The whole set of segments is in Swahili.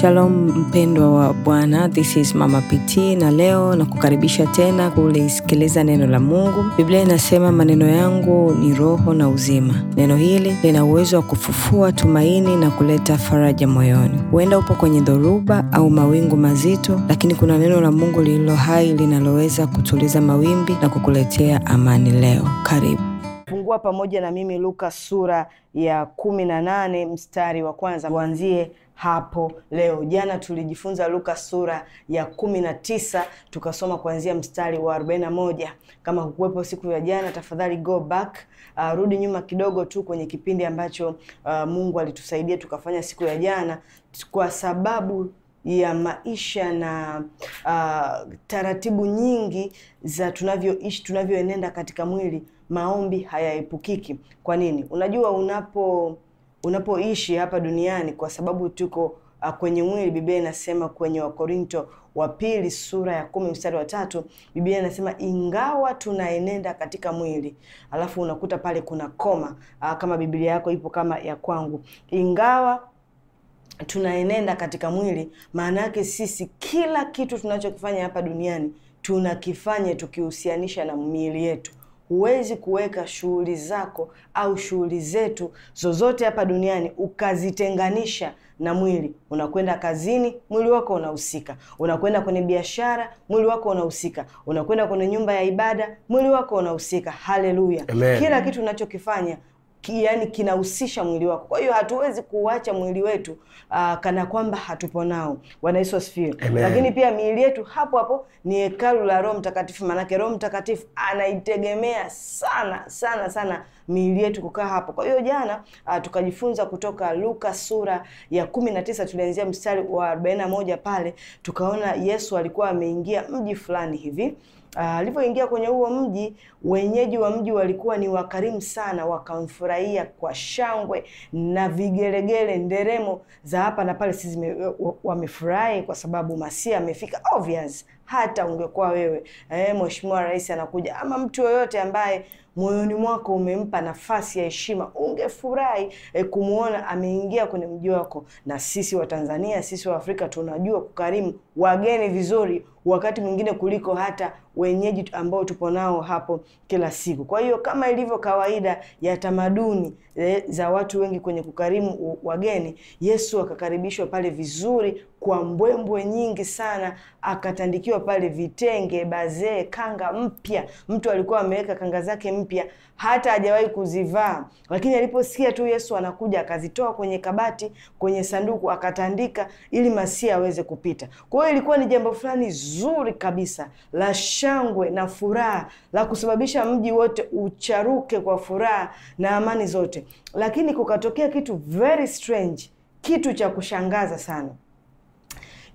Shalom mpendwa wa Bwana, this is Mama PT na leo kukaribisha tena kulisikiliza neno la Mungu. Biblia inasema maneno yangu ni roho na uzima. Neno hili lina uwezo wa kufufua tumaini na kuleta faraja moyoni. Huenda upo kwenye dhoruba au mawingu mazito, lakini kuna neno la Mungu lililo hai linaloweza kutuliza mawimbi na kukuletea amani. Leo karibu Fungua pamoja na mimi Luka sura ya kumi na nane mstari wa kwanza, tuanzie hapo leo. Jana tulijifunza Luka sura ya kumi na tisa tukasoma kuanzia mstari wa 41. Kama hukuwepo siku ya jana, tafadhali go back, uh, rudi nyuma kidogo tu kwenye kipindi ambacho uh, Mungu alitusaidia tukafanya siku ya jana, kwa sababu ya maisha na uh, taratibu nyingi za tunavyoishi tunavyoenenda katika mwili, maombi hayaepukiki. Kwa nini? Unajua unapo unapoishi hapa duniani, kwa sababu tuko uh, kwenye mwili. Biblia inasema kwenye Wakorinto wa pili sura ya kumi mstari wa tatu Biblia inasema ingawa tunaenenda katika mwili, alafu unakuta pale kuna koma uh, kama Biblia yako ipo kama ya kwangu, ingawa tunaenenda katika mwili, maana yake sisi kila kitu tunachokifanya hapa duniani tunakifanya tukihusianisha na miili yetu huwezi kuweka shughuli zako au shughuli zetu zozote hapa duniani ukazitenganisha na mwili. Unakwenda kazini, mwili wako unahusika. Unakwenda kwenye biashara, mwili wako unahusika. Unakwenda kwenye nyumba ya ibada, mwili wako unahusika. Haleluya! Kila kitu unachokifanya yani kinahusisha mwili wako. Kwa hiyo hatuwezi kuacha mwili wetu uh, kana kwamba hatupo nao. Bwana Yesu asifiwe. Lakini pia miili yetu hapo hapo ni hekalu la Roho Mtakatifu, maanake Roho Mtakatifu anaitegemea sana sana sana miili yetu kukaa hapo. Kwa hiyo jana uh, tukajifunza kutoka Luka sura ya kumi na tisa tulianzia mstari wa arobaini na moja pale tukaona Yesu alikuwa ameingia mji fulani hivi Ah, alivyoingia kwenye huo mji, wenyeji wa mji walikuwa ni wakarimu sana, wakamfurahia kwa shangwe na vigelegele, nderemo za hapa na pale. Sisi wamefurahi kwa sababu Masia amefika obvious hata ungekuwa wewe eh, mheshimiwa rais anakuja ama mtu yoyote ambaye moyoni mwako umempa nafasi ya heshima, ungefurahi e, eh, kumwona ameingia kwenye mji wako. Na sisi Watanzania, sisi wa Afrika tunajua kukarimu wageni vizuri, wakati mwingine kuliko hata wenyeji ambao tupo nao hapo kila siku. Kwa hiyo kama ilivyo kawaida ya tamaduni e, za watu wengi kwenye kukarimu wageni, Yesu akakaribishwa pale vizuri kwa mbwembwe nyingi sana, akatandikiwa vichwa pale, vitenge, bazee, kanga mpya. Mtu alikuwa ameweka kanga zake mpya, hata hajawahi kuzivaa, lakini aliposikia tu Yesu anakuja, akazitoa kwenye kabati, kwenye sanduku, akatandika ili Masia aweze kupita. Kwa hiyo ilikuwa ni jambo fulani zuri kabisa la shangwe na furaha, la kusababisha mji wote ucharuke kwa furaha na amani zote, lakini kukatokea kitu very strange, kitu cha kushangaza sana.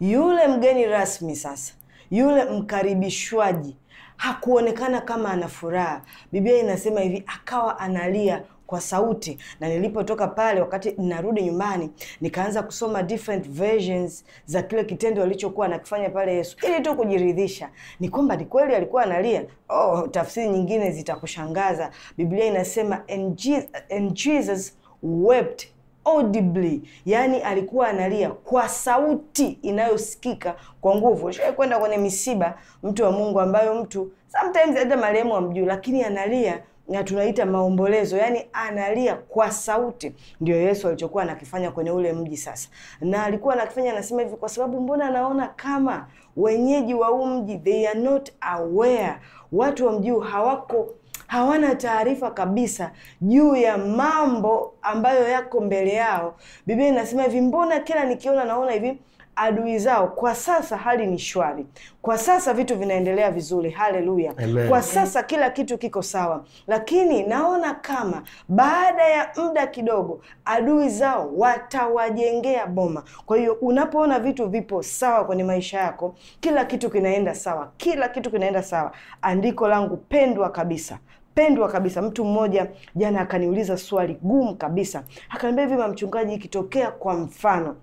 Yule mgeni rasmi sasa yule mkaribishwaji hakuonekana kama ana furaha. Biblia inasema hivi, akawa analia kwa sauti. Na nilipotoka pale, wakati ninarudi nyumbani, nikaanza kusoma different versions za kile kitendo alichokuwa anakifanya pale Yesu, ili tu kujiridhisha ni kwamba ni kweli alikuwa analia. Oh, tafsiri nyingine zitakushangaza. Biblia inasema and Jesus, and Jesus wept audibly, yaani alikuwa analia kwa sauti inayosikika kwa nguvu. Ushawahi kwenda kwenye misiba mtu wa Mungu ambayo mtu sometimes hata marehemu amjui, lakini analia na tunaita maombolezo, yaani analia kwa sauti. Ndio Yesu alichokuwa anakifanya kwenye ule mji sasa, na alikuwa anakifanya anasema hivi, kwa sababu mbona anaona kama wenyeji wa huu mji they are not aware, watu wa mji hawako hawana taarifa kabisa juu ya mambo ambayo yako mbele yao. Biblia inasema hivi, mbona kila nikiona naona hivi adui zao kwa sasa hali ni shwari, kwa sasa vitu vinaendelea vizuri. Haleluya! Kwa sasa kila kitu kiko sawa, lakini naona kama baada ya muda kidogo adui zao watawajengea boma. Kwa hiyo unapoona vitu vipo sawa kwenye maisha yako, kila kitu kinaenda sawa, kila kitu kinaenda sawa, andiko langu pendwa kabisa pendwa kabisa. Mtu mmoja jana akaniuliza swali gumu kabisa, akaniambia hivi, mamchungaji, ikitokea kwa mfano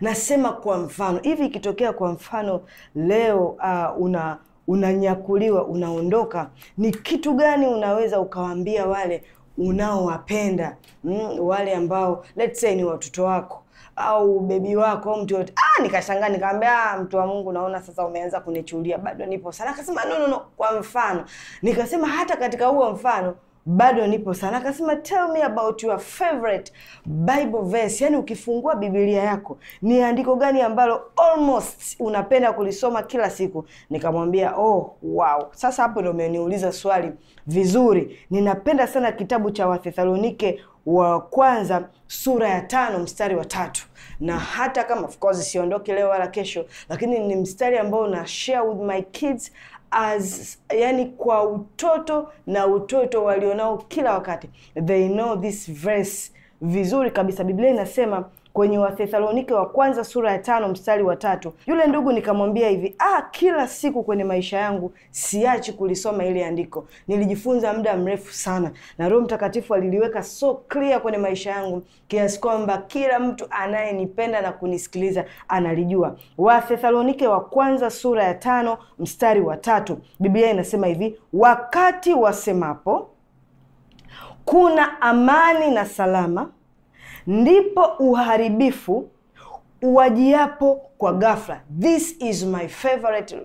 nasema kwa mfano hivi, ikitokea kwa mfano leo uh, una unanyakuliwa unaondoka, ni kitu gani unaweza ukawaambia wale unaowapenda mm, wale ambao let's say ni watoto wako au bebi wako au mtu yote. Ah, nikashangaa nikamwambia, ah, mtu wa Mungu, naona sasa umeanza kunichulia, bado nipo sana. Akasema no, no, no, kwa mfano. Nikasema hata katika huo mfano bado nipo sana. Akasema tell me about your favorite bible verse, yani ukifungua Biblia yako ni andiko gani ambalo almost unapenda kulisoma kila siku? Nikamwambia oh, wow. Sasa hapo ndio umeniuliza swali vizuri. Ninapenda sana kitabu cha Wathesalonike wa kwanza sura ya tano mstari wa tatu na hata kama of course siondoke leo wala kesho, lakini ni mstari ambao una share with my kids as yani kwa utoto na utoto walionao kila wakati, they know this verse vizuri kabisa. Biblia inasema kwenye Wathesalonike wa kwanza sura ya tano mstari wa tatu. Yule ndugu nikamwambia hivi, ah, kila siku kwenye maisha yangu siachi kulisoma ile andiko, nilijifunza muda mrefu sana, na Roho Mtakatifu aliliweka so clear kwenye maisha yangu kiasi kwamba kila mtu anayenipenda na kunisikiliza analijua. Wathesalonike wa kwanza sura ya tano mstari wa tatu, Biblia inasema hivi, wakati wasemapo kuna amani na salama ndipo uharibifu uwajiapo kwa ghafla. This is my favorite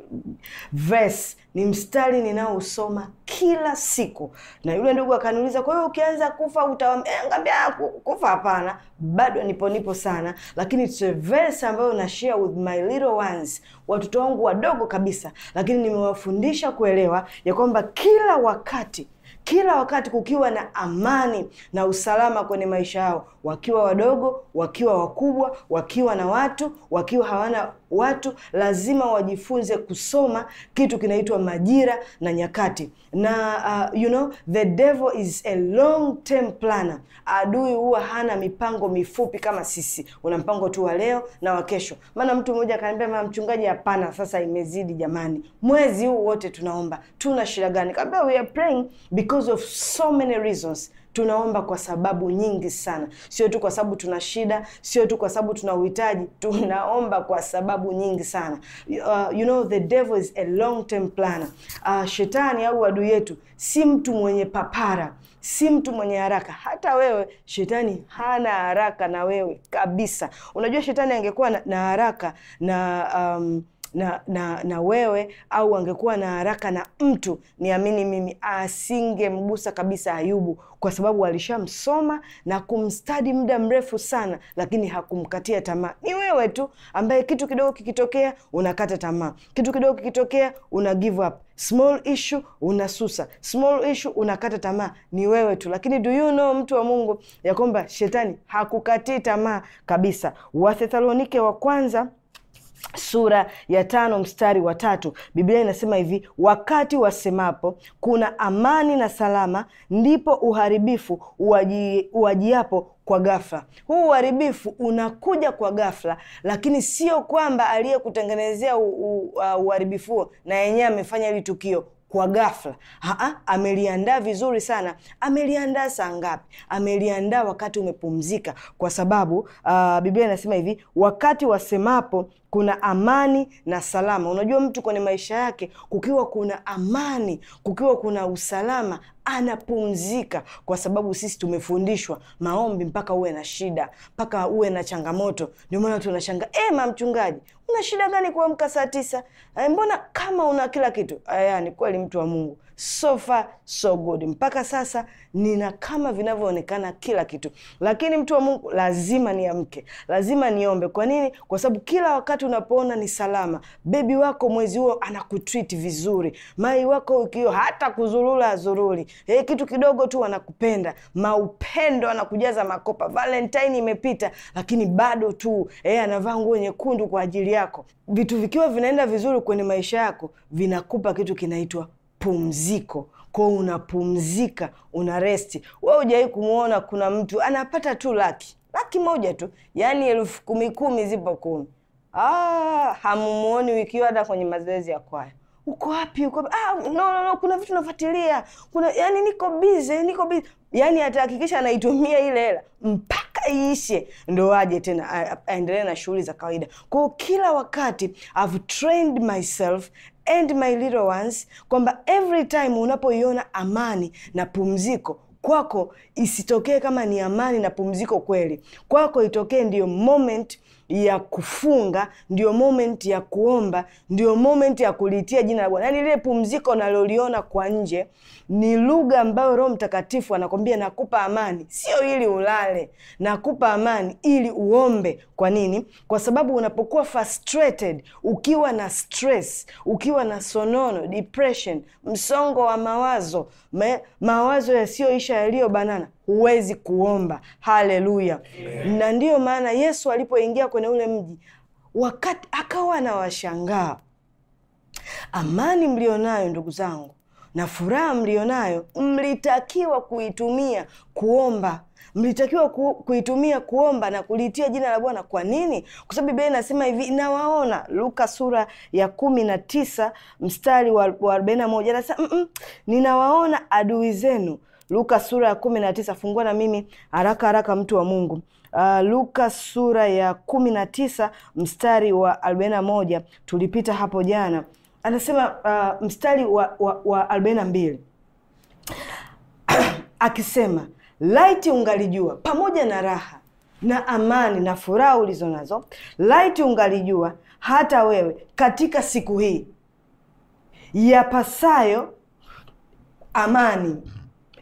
verse, ni mstari ninaousoma kila siku. Na yule ndugu akaniuliza, kwa hiyo ukianza kufa utawambia? Eh, ah, kufa hapana, bado nipo nipo sana, lakini it's a verse ambayo na share with my little ones, watoto wangu wadogo kabisa, lakini nimewafundisha kuelewa ya kwamba kila wakati kila wakati kukiwa na amani na usalama kwenye maisha yao, wakiwa wadogo, wakiwa wakubwa, wakiwa na watu, wakiwa hawana watu, lazima wajifunze kusoma kitu kinaitwa majira na nyakati. Na uh, you know the devil is a long term planner. Adui huwa hana mipango mifupi kama sisi, una mpango tu wa leo na wa kesho. Maana mtu mmoja akaniambia, mama mchungaji, hapana, sasa imezidi jamani, mwezi huu wote tunaomba, tuna shida gani? Kaambia we are praying because of so many reasons tunaomba kwa sababu nyingi sana, sio tu kwa sababu tuna shida, sio tu kwa sababu tuna uhitaji, tunaomba kwa sababu nyingi sana. Uh, you know the devil is a long term planner. Uh, shetani au adui yetu si mtu mwenye papara, si mtu mwenye haraka. Hata wewe shetani hana haraka na wewe kabisa. Unajua shetani angekuwa na, na haraka na um, na, na, na wewe au angekuwa na haraka na mtu, niamini mimi asingemgusa kabisa Ayubu, kwa sababu alishamsoma na kumstadi muda mrefu sana, lakini hakumkatia tamaa. Ni wewe tu ambaye kitu kidogo kikitokea unakata tamaa, kitu kidogo kikitokea una give up. Small issue unasusa, small issue unakata tamaa. Ni wewe tu, lakini do you know, mtu wa Mungu, ya kwamba shetani hakukatii tamaa kabisa. Wathesalonike wa kwanza sura ya tano mstari wa tatu Biblia inasema hivi, wakati wasemapo kuna amani na salama, ndipo uharibifu uwaji, uwajiapo kwa ghafla. Huu uharibifu unakuja kwa ghafla, lakini sio kwamba aliyekutengenezea uh, uharibifu huo na yenyewe amefanya hili tukio kwa ghafla. ameliandaa vizuri sana. Ameliandaa saa ngapi? Ameliandaa wakati umepumzika, kwa sababu uh, Biblia inasema hivi wakati wasemapo kuna amani na salama. Unajua, mtu kwenye maisha yake kukiwa kuna amani, kukiwa kuna usalama, anapumzika, kwa sababu sisi tumefundishwa maombi mpaka uwe na shida, mpaka uwe na changamoto. Ndio maana wanashanga e, ma mchungaji, una shida gani kuamka saa tisa? Eh, mbona kama una kila kitu? Aya, eh, ni kweli mtu wa Mungu so far so good. Mpaka sasa nina kama vinavyoonekana kila kitu, lakini mtu wa Mungu, lazima niamke, lazima niombe. Kwa nini? Kwa sababu kila wakati unapoona ni salama, bebi wako mwezi huo anakutreat vizuri, mai wako ukio hata kuzurula azuruli, e, kitu kidogo tu wanakupenda maupendo anakujaza makopa. Valentine imepita, lakini bado tu e, anavaa nguo nyekundu kwa ajili yako. Vitu vikiwa vinaenda vizuri kwenye maisha yako, vinakupa kitu kinaitwa pumziko kwao, unapumzika, una resti. We ujawai kumwona kuna mtu anapata tu laki laki moja tu, yaani elfu kumi kumi zipo kumi. Ah, hamumuoni wiki hata kwenye mazoezi ya kwaya uko wapi? Uko Ah, no, no, no, kuna vitu nafuatilia, kuna yani niko bize niko bize Yani atahakikisha anaitumia ile hela mpaka iishe, ndo aje tena aendelee na shughuli za kawaida. kwao kila wakati I've trained myself and my little ones, kwamba every time unapoiona amani na pumziko kwako isitokee kama ni amani na pumziko kweli, kwako itokee ndiyo moment ya kufunga, ndio moment ya kuomba, ndio moment ya kulitia jina la Bwana. Yaani lile pumziko unaloliona kwa nje ni lugha ambayo Roho Mtakatifu anakwambia nakupa amani, sio ili ulale, nakupa amani ili uombe. Kwa nini? Kwa sababu unapokuwa frustrated, ukiwa na stress, ukiwa na sonono, depression, msongo wa mawazo Me, mawazo yasiyoisha yaliyobanana, huwezi kuomba. Haleluya! Na ndiyo maana Yesu alipoingia kwenye ule mji, wakati akawa anawashangaa. Amani mlionayo ndugu zangu na furaha mlionayo mlitakiwa kuitumia kuomba mlitakiwa ku, kuitumia kuomba na kulitia jina la Bwana. Kwa nini? Kwa sababu Biblia inasema hivi, nawaona, Luka sura ya kumi na tisa mstari wa arobaini na moja anasema mm -mm, ninawaona adui zenu. Luka sura ya kumi na tisa fungua na mimi haraka haraka, mtu wa Mungu. Uh, Luka sura ya kumi na tisa mstari wa arobaini na moja tulipita hapo jana. Anasema uh, mstari wa, wa, wa arobaini na mbili akisema laiti ungalijua pamoja na raha na amani na furaha ulizo nazo, laiti ungalijua hata wewe katika siku hii yapasayo amani,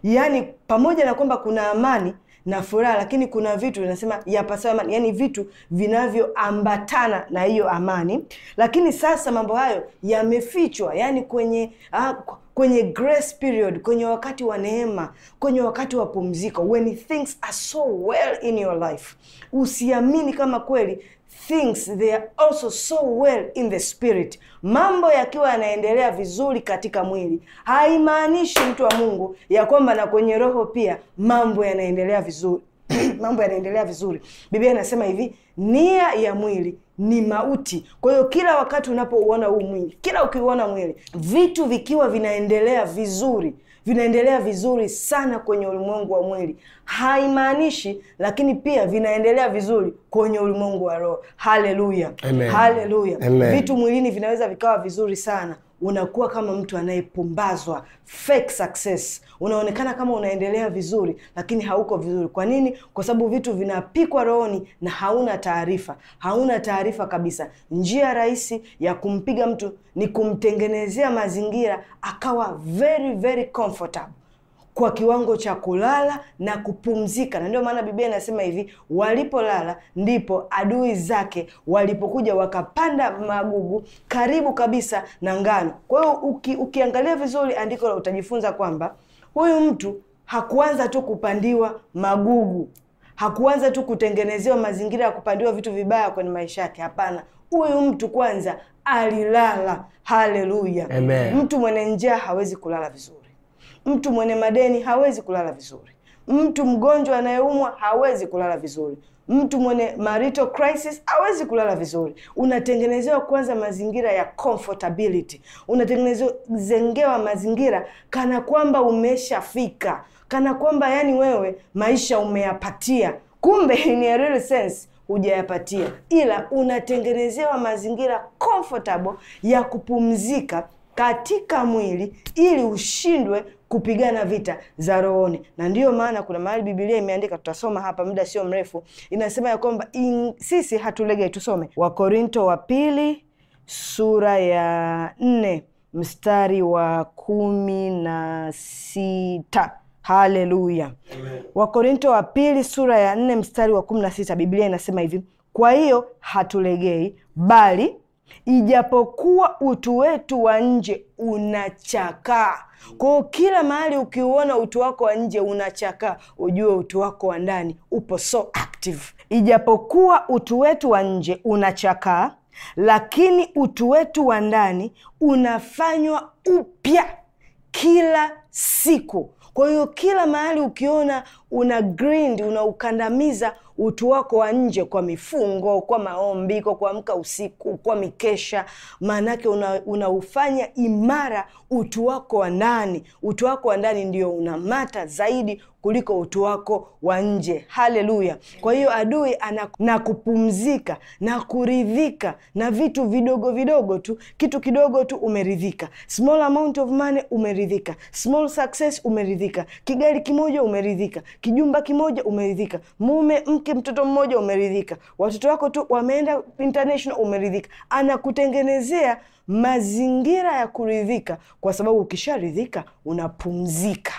yaani pamoja na kwamba kuna amani na furaha, lakini kuna vitu vinasema yapasayo amani, yaani vitu vinavyoambatana na hiyo amani. Lakini sasa mambo hayo yamefichwa, yaani kwenye ah, kwenye grace period, kwenye wakati wa neema, kwenye wakati wa pumziko, when things are so well in your life. Usiamini kama kweli things they are also so well in the spirit. Mambo yakiwa yanaendelea vizuri katika mwili, haimaanishi mtu wa Mungu ya kwamba na kwenye roho pia mambo yanaendelea vizuri mambo yanaendelea vizuri. Biblia inasema hivi, nia ya mwili ni mauti. Kwa hiyo kila wakati unapouona huu mwili, kila ukiuona mwili, vitu vikiwa vinaendelea vizuri vinaendelea vizuri sana kwenye ulimwengu wa mwili, haimaanishi lakini pia vinaendelea vizuri kwenye ulimwengu wa roho. Haleluya, haleluya! Vitu mwilini vinaweza vikawa vizuri sana unakuwa kama mtu anayepumbazwa, fake success. Unaonekana kama unaendelea vizuri, lakini hauko vizuri. Kwa nini? Kwa sababu vitu vinapikwa rohoni na hauna taarifa, hauna taarifa kabisa. Njia rahisi ya kumpiga mtu ni kumtengenezea mazingira akawa very very comfortable kwa kiwango cha kulala na kupumzika, na ndio maana Biblia inasema hivi, walipolala ndipo adui zake walipokuja wakapanda magugu karibu kabisa na ngano. Kwa hiyo uki, ukiangalia vizuri andiko la utajifunza kwamba huyu mtu hakuanza tu kupandiwa magugu, hakuanza tu kutengenezewa mazingira ya kupandiwa vitu vibaya kwenye maisha yake. Hapana, huyu mtu kwanza alilala. Haleluya! mtu mwenye njaa hawezi kulala vizuri. Mtu mwenye madeni hawezi kulala vizuri. Mtu mgonjwa anayeumwa hawezi kulala vizuri. Mtu mwenye marital crisis hawezi kulala vizuri. Unatengenezewa kwanza mazingira ya comfortability, unatengenezewa mazingira kana kwamba umeshafika, kana kwamba yani wewe maisha umeyapatia, kumbe in a real sense hujayapatia, ila unatengenezewa mazingira comfortable ya kupumzika katika mwili ili ushindwe kupigana vita za rohoni, na ndiyo maana kuna mahali Biblia imeandika, tutasoma hapa muda sio mrefu, inasema ya kwamba in, sisi hatulegei. Tusome Wakorinto wa pili sura ya nne mstari wa kumi na sita. Haleluya! Wakorinto wa pili sura ya nne mstari wa kumi na sita Biblia inasema hivi, kwa hiyo hatulegei, bali ijapokuwa utu wetu wa nje unachakaa kwao. Kila mahali ukiuona utu wako wa nje unachakaa, ujue utu wako wa ndani upo so active. Ijapokuwa utu wetu wa nje unachakaa, lakini utu wetu wa ndani unafanywa upya kila siku. Kwa hiyo kila mahali ukiona una grind, unaukandamiza utu wako wa nje kwa mifungo, kwa maombi, kwa kuamka usiku, kwa mikesha, maanake unaufanya una imara utu wako wa ndani. Utu wako wa ndani ndio unamata zaidi kuliko utu wako wa nje. Haleluya! Kwa hiyo adui ana na kupumzika na kuridhika na vitu vidogo vidogo tu, kitu kidogo tu umeridhika, small amount of money umeridhika, small success umeridhika, kigari kimoja umeridhika, kijumba kimoja umeridhika, mume mke rafiki mtoto mmoja umeridhika, watoto wako tu wameenda international umeridhika. Anakutengenezea mazingira ya kuridhika, kwa sababu ukisharidhika unapumzika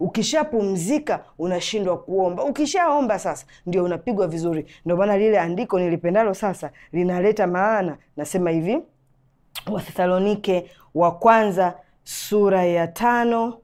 ukishapumzika unashindwa kuomba. Ukishaomba sasa ndio unapigwa vizuri. Ndio maana lile andiko nilipendalo sasa linaleta maana, nasema hivi, Wathesalonike wa kwanza sura ya tano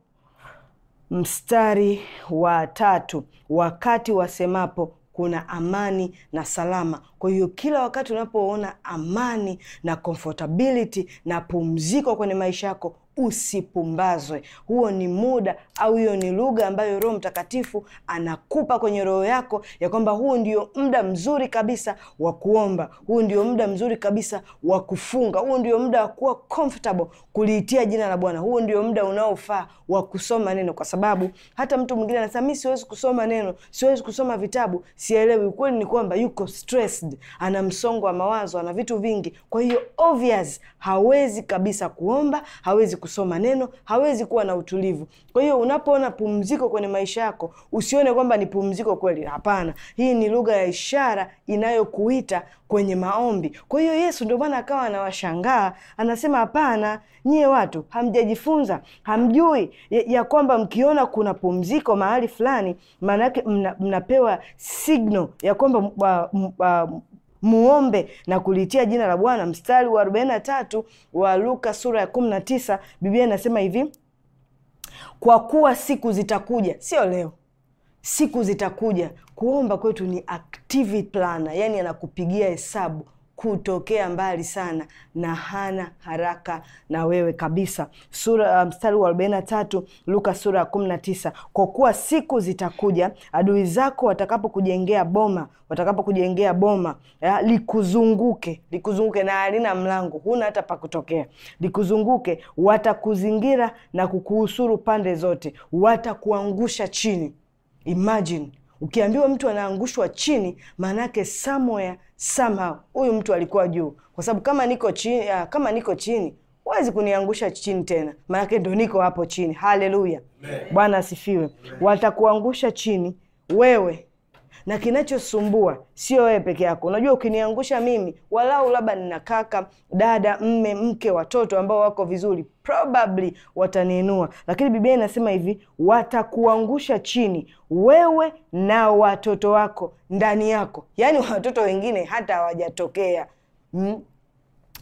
mstari wa tatu wakati wasemapo kuna amani na salama. Kwa hiyo kila wakati unapoona amani na comfortability na pumziko kwenye maisha yako usipumbazwe. Huo ni muda au hiyo ni lugha ambayo Roho Mtakatifu anakupa kwenye roho yako ya kwamba huu ndio muda mzuri kabisa wa kuomba, huu ndio muda mzuri kabisa wa kufunga, huu ndio muda wa kuwa comfortable kuliitia jina la Bwana, huu ndio muda unaofaa wa kusoma neno, kwa sababu hata mtu mwingine anasema mi siwezi kusoma neno, siwezi kusoma vitabu, sielewi. Ukweli ni kwamba yuko stressed, ana msongo wa mawazo, ana vitu vingi, kwa hiyo obvious hawezi kabisa kuomba, hawezi kusoma neno, hawezi kuwa na utulivu. Kwa hiyo unapoona pumziko kwenye maisha yako, usione kwamba ni pumziko kweli. Hapana, hii ni lugha ya ishara inayokuita kwenye maombi. Kwa hiyo Yesu ndio maana akawa anawashangaa, anasema hapana, nyie watu hamjajifunza, hamjui ya kwamba mkiona kuna pumziko mahali fulani, maana mnapewa mna, mnapewa signal ya kwamba muombe na kulitia jina la Bwana. Mstari wa 43 wa Luka sura ya 19, Biblia inasema hivi, kwa kuwa siku zitakuja, sio leo siku zitakuja. Kuomba kwetu ni active planner, yani anakupigia hesabu kutokea mbali sana na hana haraka na wewe kabisa. Sura uh, mstari wa 43 Luka sura ya 19, kwa kuwa siku zitakuja adui zako watakapokujengea boma, watakapokujengea boma ya, likuzunguke likuzunguke na halina mlango, huna hata pa kutokea, likuzunguke, watakuzingira na kukuhusuru pande zote, watakuangusha chini. Imagine ukiambiwa mtu anaangushwa chini, maanaake somewhere somehow huyu mtu alikuwa juu, kwa sababu kama niko chini, eh, kama niko chini huwezi kuniangusha chini tena, maanake ndo niko hapo chini. Haleluya, Bwana asifiwe. Watakuangusha chini wewe na kinachosumbua sio wewe peke yako. Unajua, ukiniangusha mimi, walau labda nina kaka, dada, mme, mke, watoto ambao wako vizuri probably wataniinua, lakini Biblia inasema hivi, watakuangusha chini wewe na watoto wako ndani yako, yaani watoto wengine hata hawajatokea hmm?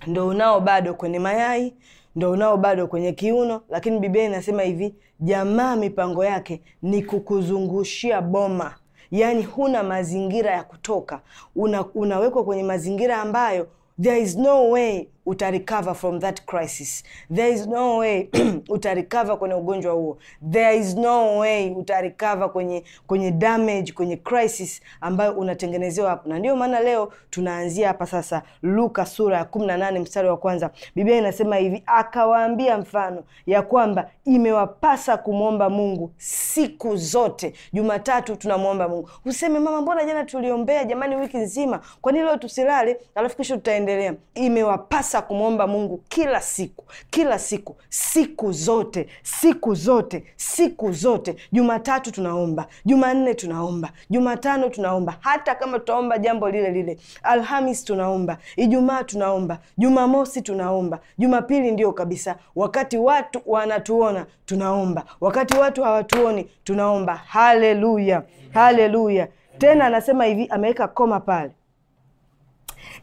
Ndo unao bado kwenye mayai, ndo unao bado kwenye kiuno, lakini Biblia inasema hivi, jamaa mipango yake ni kukuzungushia boma yani huna mazingira ya kutoka una, unawekwa kwenye mazingira ambayo there is no way utarecover from that crisis. There is no way utarecover kwenye ugonjwa huo. There is no way utarecover kwenye kwenye damage, kwenye crisis ambayo unatengenezewa hapo. Na ndio maana leo tunaanzia hapa sasa, Luka sura ya 18 mstari wa kwanza. Biblia inasema hivi, akawaambia mfano ya kwamba imewapasa kumwomba Mungu siku zote. Jumatatu tunamwomba Mungu. Useme mama, mbona jana tuliombea jamani wiki nzima? Kwa nini leo tusilale? Alafu tutaendelea. Imewapasa tunapasa kumwomba Mungu kila siku, kila siku, siku zote, siku zote, siku zote. Jumatatu tunaomba, Jumanne tunaomba, Jumatano tunaomba, hata kama tutaomba jambo lile lile. Alhamis tunaomba, Ijumaa tunaomba, Jumamosi tunaomba, Jumapili ndio kabisa. Wakati watu wanatuona tunaomba, wakati watu hawatuoni tunaomba. Haleluya, haleluya! Tena anasema hivi, ameweka koma pale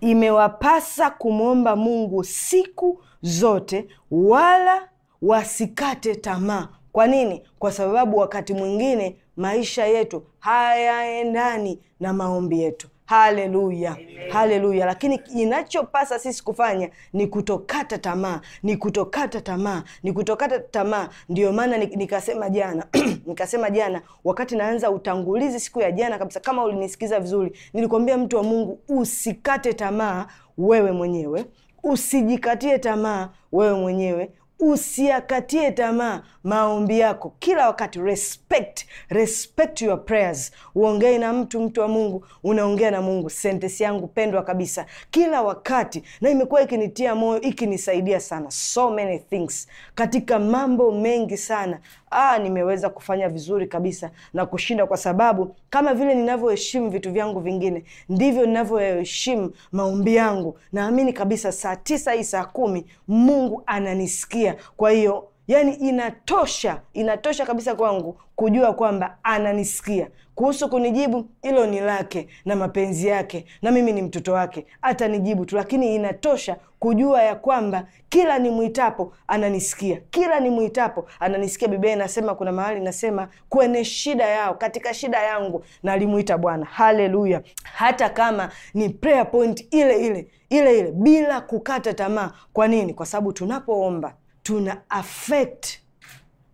imewapasa kumwomba Mungu siku zote, wala wasikate tamaa. Kwa nini? Kwa sababu wakati mwingine maisha yetu hayaendani na maombi yetu. Haleluya, haleluya. Lakini inachopasa sisi kufanya ni kutokata tamaa, ni kutokata tamaa, ni kutokata tamaa. Ndio maana nikasema jana nikasema jana wakati naanza utangulizi siku ya jana kabisa, kama ulinisikiza vizuri, nilikwambia mtu wa Mungu, usikate tamaa wewe mwenyewe, usijikatie tamaa wewe mwenyewe Usiakatie tamaa maombi yako kila wakati. Respect, respect your prayers. Uongee na mtu, mtu wa Mungu, unaongea na Mungu. Sentesi yangu pendwa kabisa kila wakati, na imekuwa ikinitia moyo, ikinisaidia sana, so many things, katika mambo mengi sana ah, nimeweza kufanya vizuri kabisa na kushinda, kwa sababu kama vile ninavyoheshimu vitu vyangu vingine ndivyo ninavyoheshimu maombi yangu. Naamini kabisa saa tisa hii saa kumi Mungu ananisikia. Kwa hiyo yaani inatosha inatosha kabisa kwangu kujua kwamba ananisikia kuhusu kunijibu hilo ni lake na mapenzi yake na mimi ni mtoto wake atanijibu tu lakini inatosha kujua ya kwamba kila nimwitapo ananisikia kila nimwitapo ananisikia bibia inasema kuna mahali nasema kwenye shida yao katika shida yangu nalimwita bwana haleluya hata kama ni prayer point ile ile ile ile bila kukata tamaa kwa nini kwa sababu tunapoomba tuna affect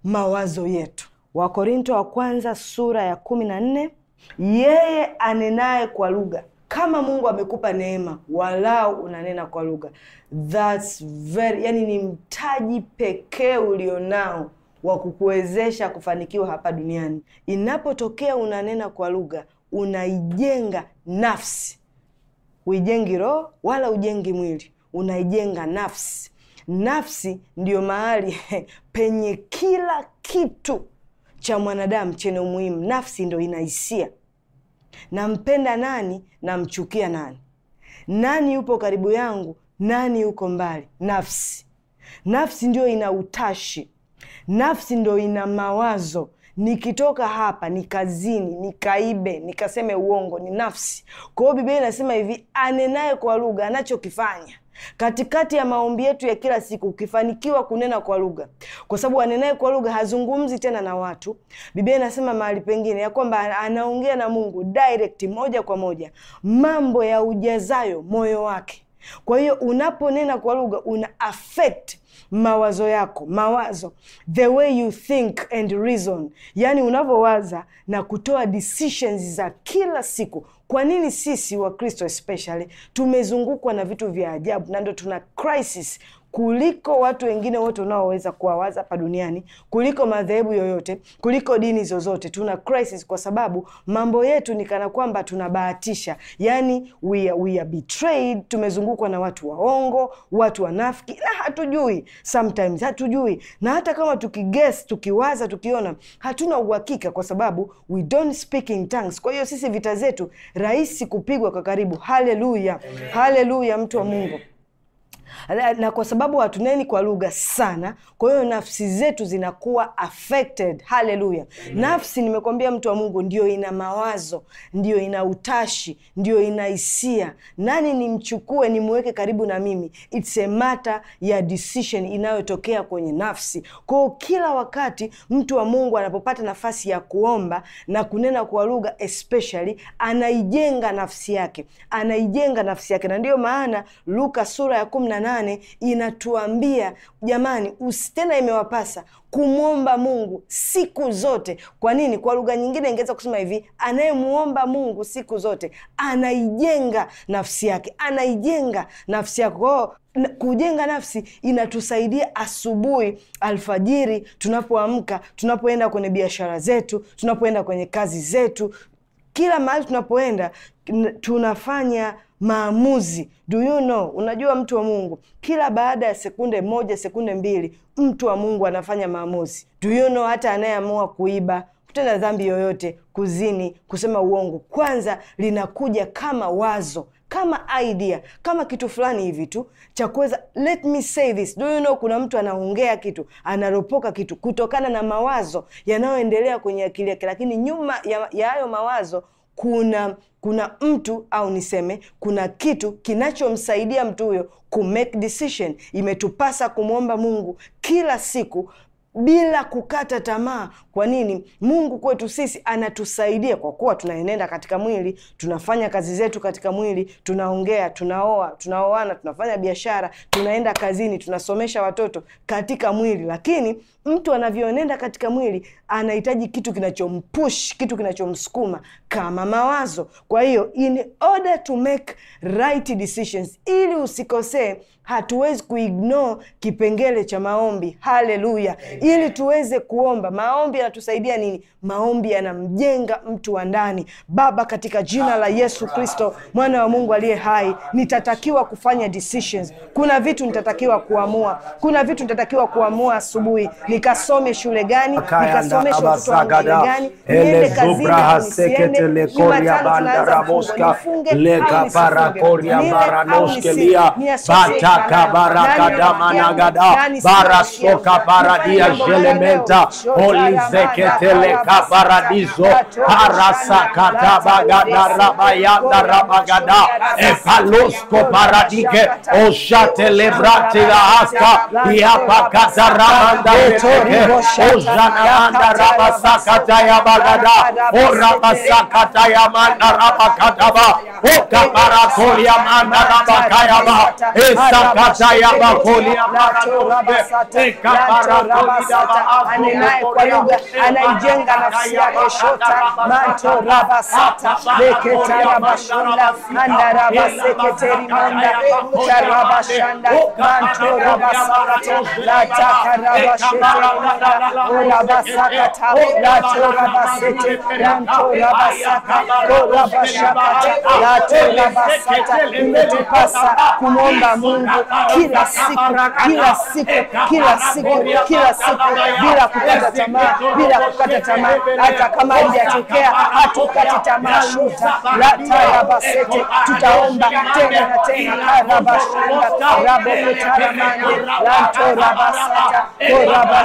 mawazo yetu. Wakorinto wa kwanza sura ya kumi na nne yeye anenaye kwa lugha kama Mungu amekupa neema, walau unanena kwa lugha. That's very, yani ni mtaji pekee ulionao wa kukuwezesha kufanikiwa hapa duniani. Inapotokea unanena kwa lugha, unaijenga nafsi, huijengi roho wala ujengi mwili, unaijenga nafsi Nafsi ndiyo mahali penye kila kitu cha mwanadamu chenye umuhimu. Nafsi ndo ina hisia, nampenda nani, namchukia nani, nani yupo karibu yangu, nani yuko mbali. Nafsi, nafsi ndio ina utashi, nafsi ndo ina mawazo nikitoka hapa ni ni nikaibe, nikaseme uongo, ni nafsi. Kwa hiyo Biblia inasema hivi, anenaye kwa lugha anachokifanya Katikati ya maombi yetu ya kila siku, ukifanikiwa kunena kwa lugha, kwa sababu anenaye kwa lugha hazungumzi tena na watu. Biblia inasema mahali pengine ya kwamba anaongea na Mungu direct, moja kwa moja, mambo ya ujazayo moyo wake. Kwa hiyo unaponena kwa lugha una affect mawazo yako, mawazo, the way you think and reason, yaani unavyowaza na kutoa decisions za kila siku kwa nini sisi Wakristo especially tumezungukwa na vitu vya ajabu na ndo tuna crisis kuliko watu wengine wote unaoweza kuwawaza hapa duniani, kuliko madhehebu yoyote, kuliko dini zozote. Tuna crisis kwa sababu mambo yetu ni kana kwamba tunabahatisha, yani we are, we are betrayed. Tumezungukwa na watu waongo, watu wanafiki na hatujui, sometimes hatujui, na hata kama tukiges tukiwaza, tukiona, hatuna uhakika kwa sababu we don't speak in tongues. Kwa hiyo sisi vita zetu rahisi kupigwa kwa karibu. Haleluya, haleluya, mtu wa Mungu na kwa sababu hatuneni kwa lugha sana, kwa hiyo nafsi zetu zinakuwa affected. Haleluya! Nafsi, nimekwambia mtu wa Mungu, ndio ina mawazo, ndio ina utashi, ndio ina hisia. Nani nimchukue nimweke karibu na mimi? It's a matter ya decision inayotokea kwenye nafsi. Kwa kila wakati mtu wa Mungu anapopata nafasi ya kuomba na kunena kwa lugha especially, anaijenga nafsi yake, anaijenga nafsi yake, na ndiyo maana Luka sura ya kumi na nane inatuambia jamani, tena imewapasa kumwomba Mungu siku zote. Kwa nini? Kwa lugha nyingine ingeweza kusema hivi, anayemwomba Mungu siku zote anaijenga nafsi yake, anaijenga nafsi yake Kwao kujenga nafsi inatusaidia asubuhi, alfajiri, tunapoamka, tunapoenda kwenye biashara zetu, tunapoenda kwenye kazi zetu, kila mahali tunapoenda tunafanya maamuzi. Do you know, unajua mtu wa Mungu, kila baada ya sekunde moja, sekunde mbili, mtu wa Mungu anafanya maamuzi. Do you know, hata anayeamua kuiba kutenda dhambi yoyote, kuzini, kusema uongo, kwanza linakuja kama wazo, kama idea, kama kitu fulani hivi tu cha kuweza, let me say this. Do you know, kuna mtu anaongea kitu, anaropoka kitu kutokana na mawazo yanayoendelea kwenye akili yake, lakini nyuma ya hayo mawazo kuna kuna mtu au niseme kuna kitu kinachomsaidia mtu huyo ku make decision. Imetupasa kumwomba Mungu kila siku bila kukata tamaa. Kwa nini? Mungu kwetu sisi anatusaidia kwa kuwa tunaenenda katika mwili, tunafanya kazi zetu katika mwili, tunaongea, tunaoa, tunaoana, tunafanya biashara, tunaenda kazini, tunasomesha watoto katika mwili, lakini mtu anavyoenenda katika mwili anahitaji kitu kinachompush, kitu kinachomsukuma kama mawazo. Kwa hiyo in order to make right decisions, ili usikosee, hatuwezi kuignore kipengele cha maombi. Haleluya! Ili tuweze kuomba, maombi yanatusaidia nini? Maombi yanamjenga mtu wa ndani. Baba, katika jina la Yesu Kristo, mwana wa Mungu aliye hai, nitatakiwa kufanya decisions. Kuna vitu nitatakiwa kuamua, kuna vitu nitatakiwa kuamua asubuhi nikasome shule gani, nikasome gani, niende kazini au nisiende, Jumatano tunaweza kufunga nifunge au nisifunge, nile au nisile, niasoshe barasoka paradia jelementa olizeketeleka paradiso parasakatabagadarabayanda rabagada epalosko paradike oshatelebratelahaska iapakazaramanda O Janamanda Rabasakataya Bagada, O Rabasakataya Manda Rabakataba, O Kaparakolia Manda Rabakayaba, Esakataya Bakolia Manda Rabakayaba, anaijenga nafsi yake shota manto rabasata leketarabashonda mandarabaseketerimanda utarabashanda manto rabasarato latakarabasheta Rabasakata, Rato imetupasa kumwomba Mungu kila siku, kila siku, kila siku, kila siku, bila kukata tamaa, bila kukata tamaa, hata kama haijatokea hatukati tamaa. Shuta Rata Rabasete, tutaomba tena na tena. Rabashanda, Rabokotaramani, Ranto Rabasata, Rabasata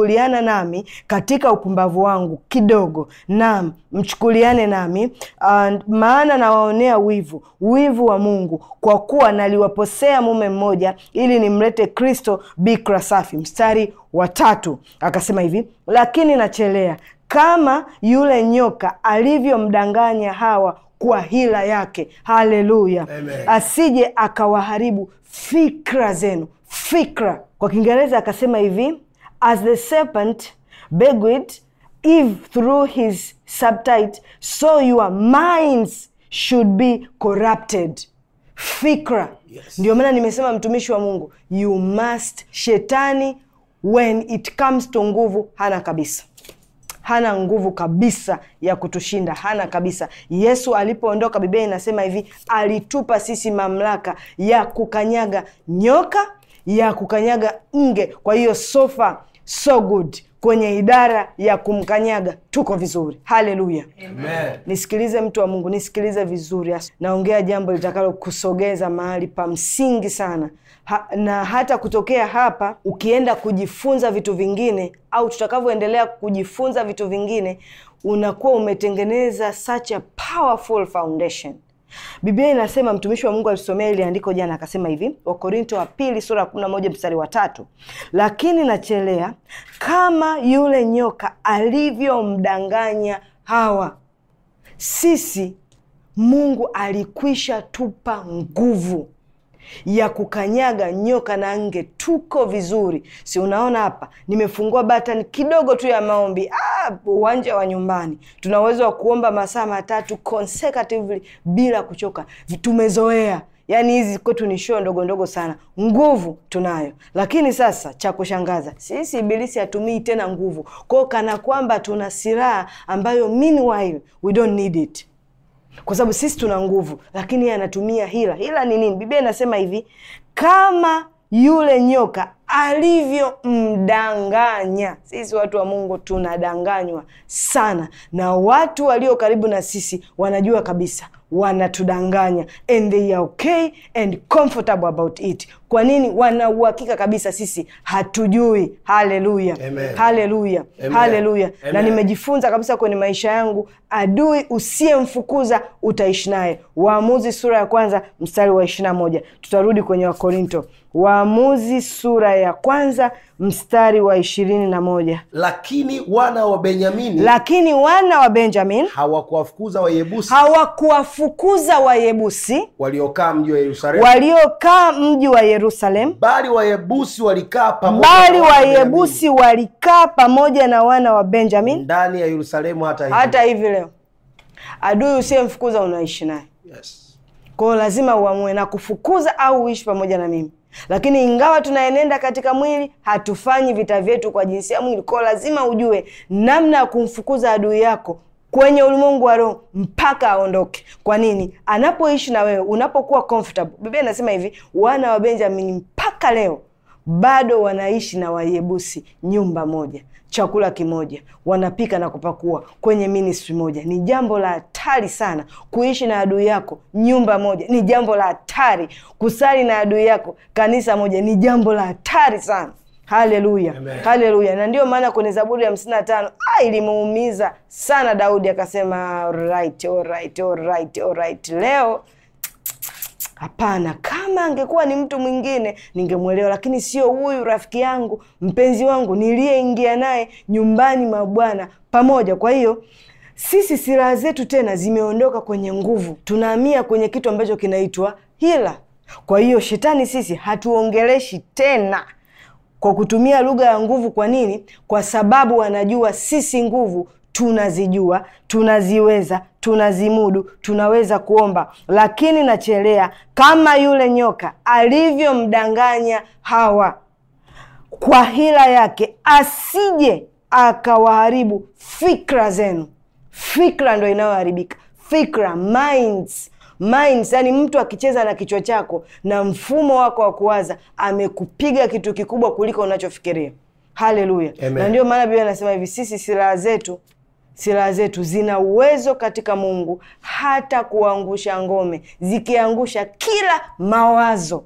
mchukuliana nami katika upumbavu wangu kidogo, nam mchukuliane nami and, ah, maana nawaonea wivu, wivu wa Mungu, kwa kuwa naliwaposea mume mmoja, ili nimlete Kristo bikra safi. Mstari wa tatu akasema hivi, lakini nachelea kama yule nyoka alivyomdanganya Hawa kwa hila yake. Haleluya, asije akawaharibu fikra zenu. Fikra kwa Kiingereza akasema hivi as the serpent beguiled Eve through his subtite, so your minds should be corrupted. Fikra. Ndio maana nimesema mtumishi wa Mungu, you must. Shetani when it comes to nguvu hana kabisa hana nguvu kabisa ya kutushinda, hana kabisa. Yesu alipoondoka, Biblia inasema hivi, alitupa sisi mamlaka ya kukanyaga nyoka, ya kukanyaga nge. Kwa hiyo sofa so good kwenye idara ya kumkanyaga tuko vizuri. Haleluya, Nisikilize mtu wa Mungu, nisikilize vizuri. Naongea jambo litakalo kusogeza mahali pa msingi sana ha, na hata kutokea hapa ukienda kujifunza vitu vingine au tutakavyoendelea kujifunza vitu vingine, unakuwa umetengeneza such a powerful foundation Biblia inasema mtumishi wa Mungu alisomea ile andiko jana, akasema hivi, Wakorinto wa pili sura ya moja mstari wa tatu lakini nachelea kama yule nyoka alivyomdanganya Hawa. Sisi Mungu alikwisha tupa nguvu ya kukanyaga nyoka na nge. Tuko vizuri, si unaona hapa nimefungua batani kidogo tu ya maombi. Ah, uwanja wa nyumbani tuna uwezo wa kuomba masaa matatu consecutively bila kuchoka, tumezoea Yaani hizi kwetu ni show ndogo ndogo sana, nguvu tunayo. Lakini sasa cha kushangaza, sisi ibilisi hatumii tena nguvu kwao, kana kwamba tuna silaha ambayo meanwhile we don't need it kwa sababu sisi tuna nguvu, lakini yeye anatumia hila. Hila ni nini? Biblia inasema hivi, kama yule nyoka alivyomdanganya. Sisi watu wa Mungu tunadanganywa sana, na watu walio karibu na sisi wanajua kabisa wanatudanganya, and they are okay and comfortable about it. Kwa nini? Wana uhakika kabisa sisi hatujui. Haleluya, haleluya, haleluya. Na nimejifunza kabisa kwenye maisha yangu, adui usiyemfukuza utaishi naye. Waamuzi sura ya kwanza mstari wa ishirina moja. Tutarudi kwenye Wakorinto. Waamuzi sura ya kwanza mstari wa ishirini na moja. Lakini wana wa Benyamini, lakini wana wa Benjamin hawakuwafukuza Wayebusi, hawakuwafukuza Wayebusi waliokaa mji wa Yerusalemu, waliokaa mji wa Yerusalemu, bali Wayebusi walikaa pamoja, bali Wayebusi walikaa pamoja na wana wa Benjamin ndani ya Yerusalemu hata hivi, hata hivi leo. Adui usiyemfukuza unaishi naye yes. Kwao lazima uamue na kufukuza au uishi pamoja na mimi lakini ingawa tunaenenda katika mwili, hatufanyi vita vyetu kwa jinsi ya mwili. Kwao lazima ujue namna ya kumfukuza adui yako kwenye ulimwengu wa roho mpaka aondoke. Kwa nini? Anapoishi na wewe, unapokuwa comfortable. Biblia inasema hivi, wana wa Benjamini mpaka leo bado wanaishi na Wayebusi, nyumba moja, chakula kimoja, wanapika na kupakua kwenye ministry moja. Ni jambo la hatari sana kuishi na adui yako nyumba moja, ni jambo la hatari. Kusali na adui yako kanisa moja, ni jambo la hatari sana haleluya haleluya na ndiyo maana kwenye zaburi ya hamsini na tano ah, ilimuumiza sana daudi akasema alright, alright, alright, alright. leo hapana kama angekuwa ni mtu mwingine ningemwelewa lakini sio huyu rafiki yangu mpenzi wangu niliyeingia naye nyumbani mwa bwana pamoja kwa hiyo sisi silaha zetu tena zimeondoka kwenye nguvu tunahamia kwenye kitu ambacho kinaitwa hila kwa hiyo shetani sisi hatuongeleshi tena kwa kutumia lugha ya nguvu. Kwa nini? Kwa sababu wanajua sisi nguvu tunazijua, tunaziweza, tunazimudu, tunaweza kuomba. Lakini nachelea kama yule nyoka alivyomdanganya Hawa kwa hila yake, asije akawaharibu fikra zenu. Fikra ndo inayoharibika, fikra minds minds, yani mtu akicheza na kichwa chako na mfumo wako wa kuwaza, amekupiga kitu kikubwa kuliko unachofikiria. Haleluya! Na ndio maana Biblia anasema hivi, sisi silaha zetu silaha zetu zina uwezo katika Mungu hata kuangusha ngome, zikiangusha kila mawazo,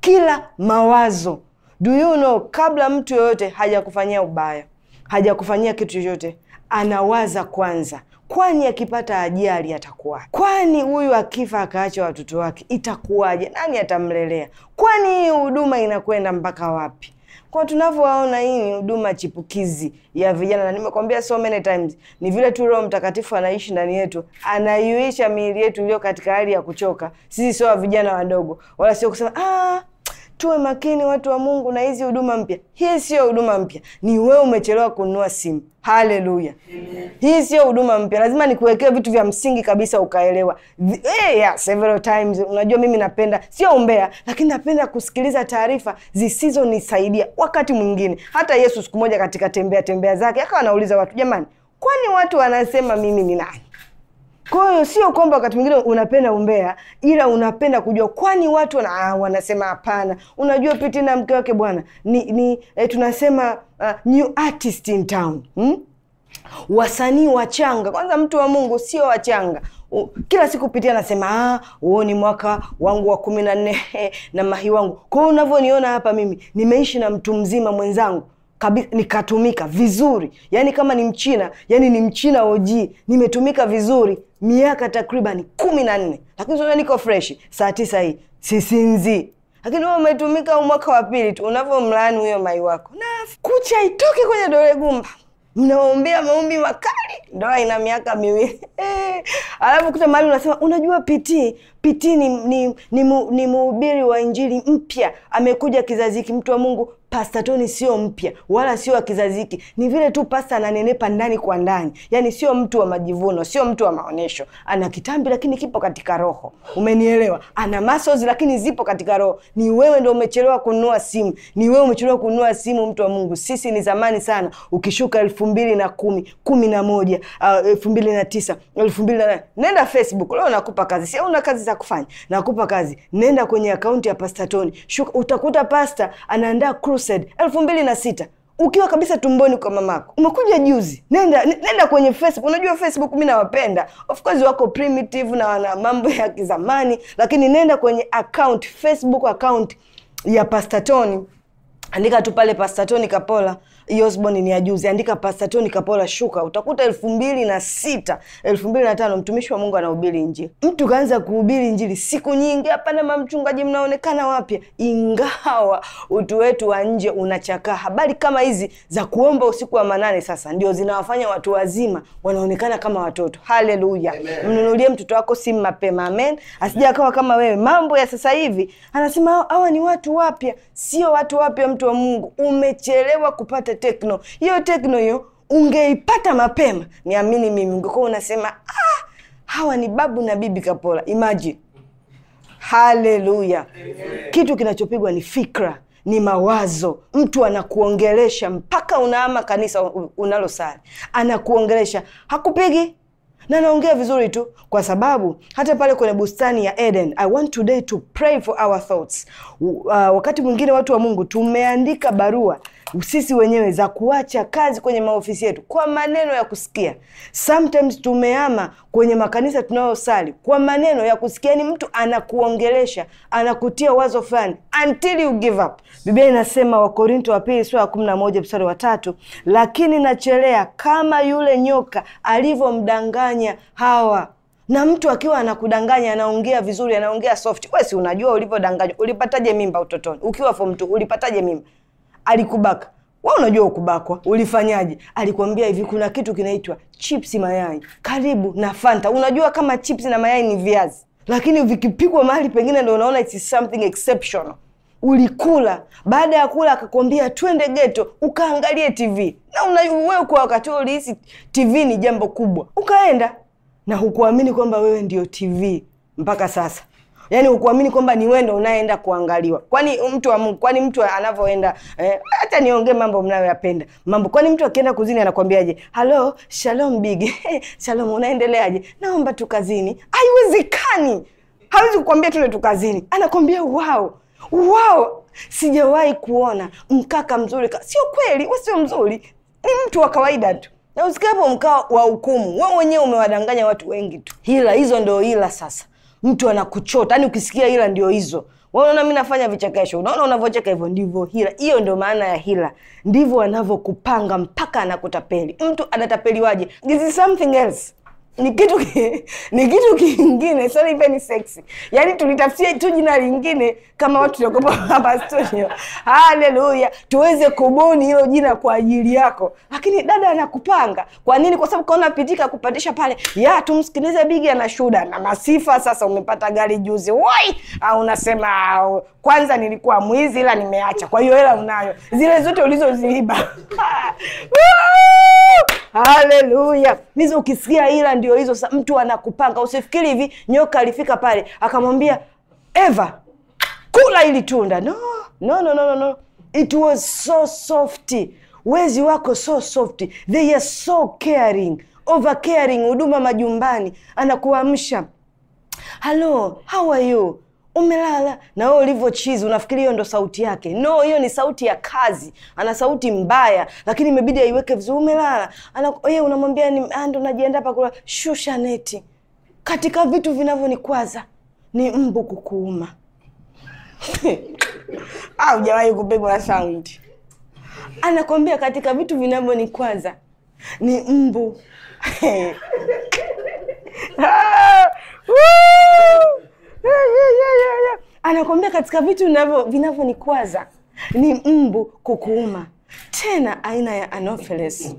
kila mawazo. Do you know, kabla mtu yoyote hajakufanyia ubaya, hajakufanyia kitu chochote, anawaza kwanza kwani akipata ajali atakuwaje? Kwani huyu akifa akaacha watoto wake itakuwaje? Nani atamlelea? Kwani hii huduma inakwenda mpaka wapi? Kwa tunavyowaona hii ni huduma chipukizi ya vijana, na nimekwambia so many times, ni vile tu Roho Mtakatifu anaishi ndani yetu, anaiuisha miili yetu iliyo katika hali ya kuchoka. Sisi sio vijana wadogo, wala sio kusema ah Tuwe makini watu wa Mungu na hizi huduma mpya. Hii siyo huduma mpya, ni wewe umechelewa kununua simu. Haleluya! Hii siyo huduma mpya, lazima nikuwekee vitu vya msingi kabisa ukaelewa. Hey, eh, yeah, several times. Unajua mimi napenda, sio umbea, lakini napenda kusikiliza taarifa zisizonisaidia wakati mwingine. Hata Yesu siku moja katika tembea tembea zake akawa anauliza watu, jamani, kwani watu wanasema mimi ni nani? Kwa hiyo sio kwamba wakati mwingine unapenda umbea, ila unapenda kujua, kwani watu wana, ah, wanasema hapana. Unajua Piti na mke wake bwana ni, ni eh, tunasema uh, new artist in town hmm? Wasanii wachanga kwanza, mtu wa Mungu sio wachanga. Kila siku Piti anasema ah, huo ni mwaka wangu wa kumi na nne na mahi wangu. Kwa hiyo unavyoniona hapa mimi nimeishi na mtu mzima mwenzangu kabisa nikatumika vizuri yani kama ni mchina yani ni mchina og nimetumika vizuri miaka takriban kumi na nne lakini so niko freshi saa tisa hii sisinzi lakini wewe umetumika mwaka wa pili tu unavyomlaani huyo mai wako na kucha itoke kwenye dole gumba mnaombea maumbi makali ndoa ina miaka miwili alafu kuta mali unasema unajua pt pt ni ni, ni, mu, ni muubiri wa injili mpya amekuja kizazi hiki mtu wa mungu pasta toni sio mpya wala sio wa ni vile tu pasta ananenepa ndani kwa ndani. Yani sio mtu wa majivuno, sio mtu wa maonyesho. Ana kitambi lakini kipo katika roho, umenielewa? Ana masos lakini zipo katika roho. Ni wewe ndio umechelewa kununua simu, ni wewe umechelewa kununua simu, mtu wa Mungu. Sisi ni zamani sana, ukishuka elfu mbili na kumi kumi na moja ah, elfu mbili na tisa elfu mbili na nane nenda Facebook leo, nakupa kazi. Si una kazi za kufanya? Nakupa kazi, nenda kwenye akaunti ya pasta toni, utakuta pasta anaandaa Lucid elfu mbili na sita ukiwa kabisa tumboni kwa mamako, umekuja juzi. Nenda nenda kwenye Facebook. Unajua Facebook mi nawapenda, of course wako primitive na wana mambo ya kizamani, lakini nenda kwenye account, Facebook account ya pastatoni andika tu pale pastatoni Kapola Osborne ni ajuzi, andika Pastor Tony Kapola shuka, utakuta elfu mbili na sita elfu mbili na tano mtumishi wa Mungu anahubiri Injili. Mtu kaanza kuhubiri Injili siku nyingi hapana mamchungaji, mnaonekana wapya, ingawa utu wetu wa nje unachakaa. Habari kama hizi za kuomba usiku wa manane sasa ndio zinawafanya watu wazima wanaonekana kama watoto. Haleluya! Mnunulie mtoto wako simu mapema, amen, asija akawa kama wewe. Mambo ya sasa hivi anasema hawa ni watu wapya. Sio watu wapya, mtu wa Mungu, umechelewa kupata upate tekno. Hiyo tekno hiyo ungeipata mapema, niamini mimi, ungekuwa unasema ah, hawa ni babu na bibi Kapola. Imagine. Haleluya! Kitu kinachopigwa ni fikra, ni mawazo. Mtu anakuongelesha mpaka unaama kanisa unalosali, anakuongelesha, hakupigi na naongea vizuri tu, kwa sababu hata pale kwenye bustani ya Eden, I want today to pray for our thoughts. Uh, wakati mwingine watu wa Mungu tumeandika barua sisi wenyewe za kuacha kazi kwenye maofisi yetu kwa maneno ya kusikia. Sometimes tumeama kwenye makanisa tunayosali kwa maneno ya kusikia, ni mtu anakuongelesha, anakutia wazo fulani until you give up. Biblia inasema Wakorinto wa pili sura ya kumi na moja mstari wa tatu, lakini nachelea kama yule nyoka alivyomdanganya Hawa na mtu akiwa anakudanganya, anaongea vizuri, anaongea soft, wewe si unajua ulivyodanganywa? Ulipataje mimba utotoni? Ukiwa form ulipataje mimba? alikubaka wewe unajua ukubakwa ulifanyaje? Alikwambia hivi, kuna kitu kinaitwa chipsi mayai, karibu na Fanta. Unajua kama chipsi na mayai ni viazi, lakini vikipikwa mahali pengine ndio unaona it's something exceptional. Ulikula, baada ya kula akakwambia twende geto ukaangalie TV na wewe kwa wakati huo ulihisi TV ni jambo kubwa, ukaenda na hukuamini kwamba wewe ndio TV mpaka sasa yaani ukuamini kwamba ni wendo unaenda unayeenda kuangaliwa. Kwani mtu wa Mungu, kwani mtu anavyoenda eh, hata niongee mambo mnayoyapenda mambo, kwani mtu akienda kuzini anakwambiaje? Halo, shalom bigi shalom, unaendeleaje? Naomba tu kazini. Haiwezekani, hawezi kukwambia tule tukazini anakwambia wow, sijawahi kuona mkaka mzuri. Sio kweli, wewe sio mzuri, ni mtu wa kawaida tu na usikapo mkaa wa hukumu, we mwenyewe umewadanganya watu wengi tu. Hila hizo ndo hila sasa mtu anakuchota yani ukisikia hila ndio hizo unaona mi nafanya vichekesho unaona unavyocheka hivyo ndivyo hila hiyo ndio maana ya hila ndivyo anavyokupanga mpaka anakutapeli mtu anatapeliwaje this is something else ni kitu ki, ni kitu kingine sio ipe ni sexy. Yaani tulitafutia tu jina lingine kama watu tuliokopa hapa studio. Haleluya. Tuweze kubuni hilo jina kwa ajili yako. Lakini dada anakupanga. Kwa nini? Kwa sababu kaona pitika kupatisha pale. Ya tumsikilize Bigi ana shuhuda na masifa sasa umepata gari juzi. Woi, au unasema kwanza nilikuwa mwizi ila nimeacha. Kwa hiyo hela unayo. Zile zote ulizoziiba. Haleluya. Nizo ukisikia ila ndio hizo mtu anakupanga. Usifikiri hivi nyoka alifika pale akamwambia Eva, kula ili tunda. No, no, no, no, no. It was so soft. Wezi wako so soft. They are so caring. Over caring, huduma majumbani, anakuamsha. halo how are you? umelala na wewe chizi unafikiri hiyo ndo sauti yake no hiyo ni sauti ya kazi ana sauti mbaya lakini imebidi aiweke vizuri umelala ye unamwambia ah, ndo najienda hapa kula shusha neti katika vitu vinavyonikwaza ni mbu kukuuma au ah, jawahi na saundi anakwambia katika vitu vinavyonikwaza ni mbu ah, anakwambia katika vitu vinavyonikwaza ni mbu kukuuma, tena aina ya Anopheles.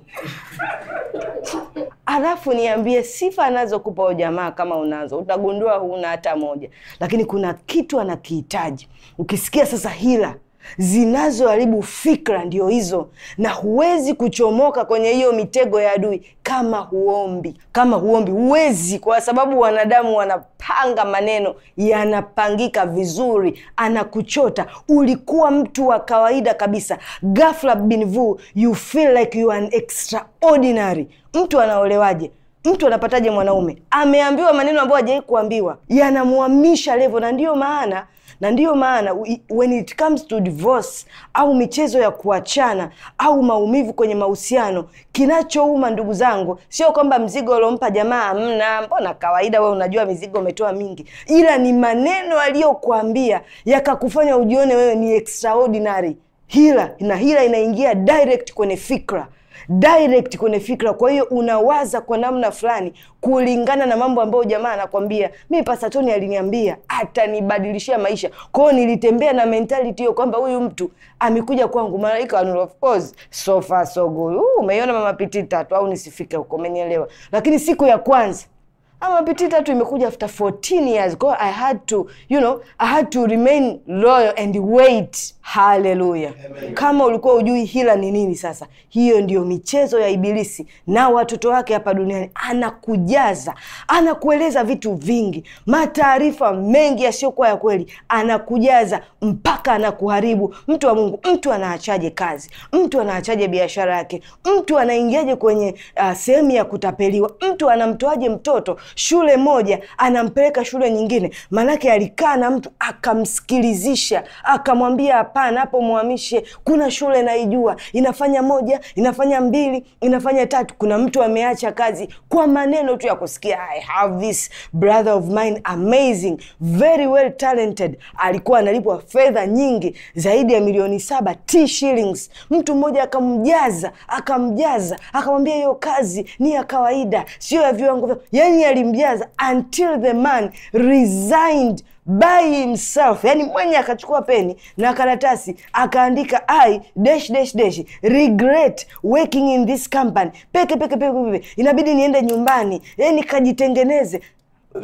Alafu niambie sifa anazokupa ujamaa, kama unazo, utagundua huna hata moja, lakini kuna kitu anakihitaji. Ukisikia sasa hila zinazoharibu fikra ndio hizo, na huwezi kuchomoka kwenye hiyo mitego ya adui kama huombi. Kama huombi huwezi, kwa sababu wanadamu wanapanga maneno, yanapangika vizuri, anakuchota. Ulikuwa mtu wa kawaida kabisa, gafla binvu, you feel like you are an extraordinary. Mtu anaolewaje? mtu anapataje mwanaume? Ameambiwa maneno ambayo hajawai kuambiwa, yanamwamisha levo, na ndiyo maana na ndiyo maana when it comes to divorce au michezo ya kuachana au maumivu kwenye mahusiano, kinachouma ndugu zangu, sio kwamba mzigo aliompa jamaa amna, mbona kawaida, we unajua mizigo umetoa mingi, ila ni maneno aliyokuambia yakakufanya ujione wewe ni extraordinary. Hila na hila inaingia direct kwenye fikra direct kwenye fikra. Kwa hiyo unawaza kwa namna fulani kulingana na mambo ambayo jamaa anakwambia. Mi Pasatoni aliniambia atanibadilishia maisha, kwa hiyo nilitembea na mentality hiyo kwamba huyu mtu amekuja kwangu malaika wa nuru. Of course so far so good. Umeiona mama piti tatu au nisifike huko, umenielewa? Lakini siku ya kwanza ah, ama piti tatu imekuja after 14 years. Kwa hiyo I had to, you know, I had to remain loyal and wait haleluya kama ulikuwa ujui hila ni nini sasa hiyo ndiyo michezo ya ibilisi na watoto wake hapa duniani anakujaza anakueleza vitu vingi mataarifa mengi yasiyokuwa ya kweli anakujaza mpaka anakuharibu mtu wa mungu mtu anaachaje kazi mtu anaachaje biashara yake mtu anaingiaje kwenye uh, sehemu ya kutapeliwa mtu anamtoaje mtoto shule moja anampeleka shule nyingine maanake alikaa na mtu akamsikilizisha akamwambia hapana, hapo muhamishe. Kuna shule naijua inafanya moja, inafanya mbili, inafanya tatu. Kuna mtu ameacha kazi kwa maneno tu ya kusikia, I have this brother of mine amazing, very well talented, alikuwa analipwa fedha nyingi zaidi ya milioni saba t shillings. Mtu mmoja akamjaza, akamjaza, akamwambia hiyo kazi ni ya kawaida, sio ya viwango vya, yani alimjaza until the man resigned by himself, yani mwenye akachukua peni na karatasi akaandika I dash dash dash regret working in this company peke peke peke, Inabidi niende nyumbani yani kajitengeneze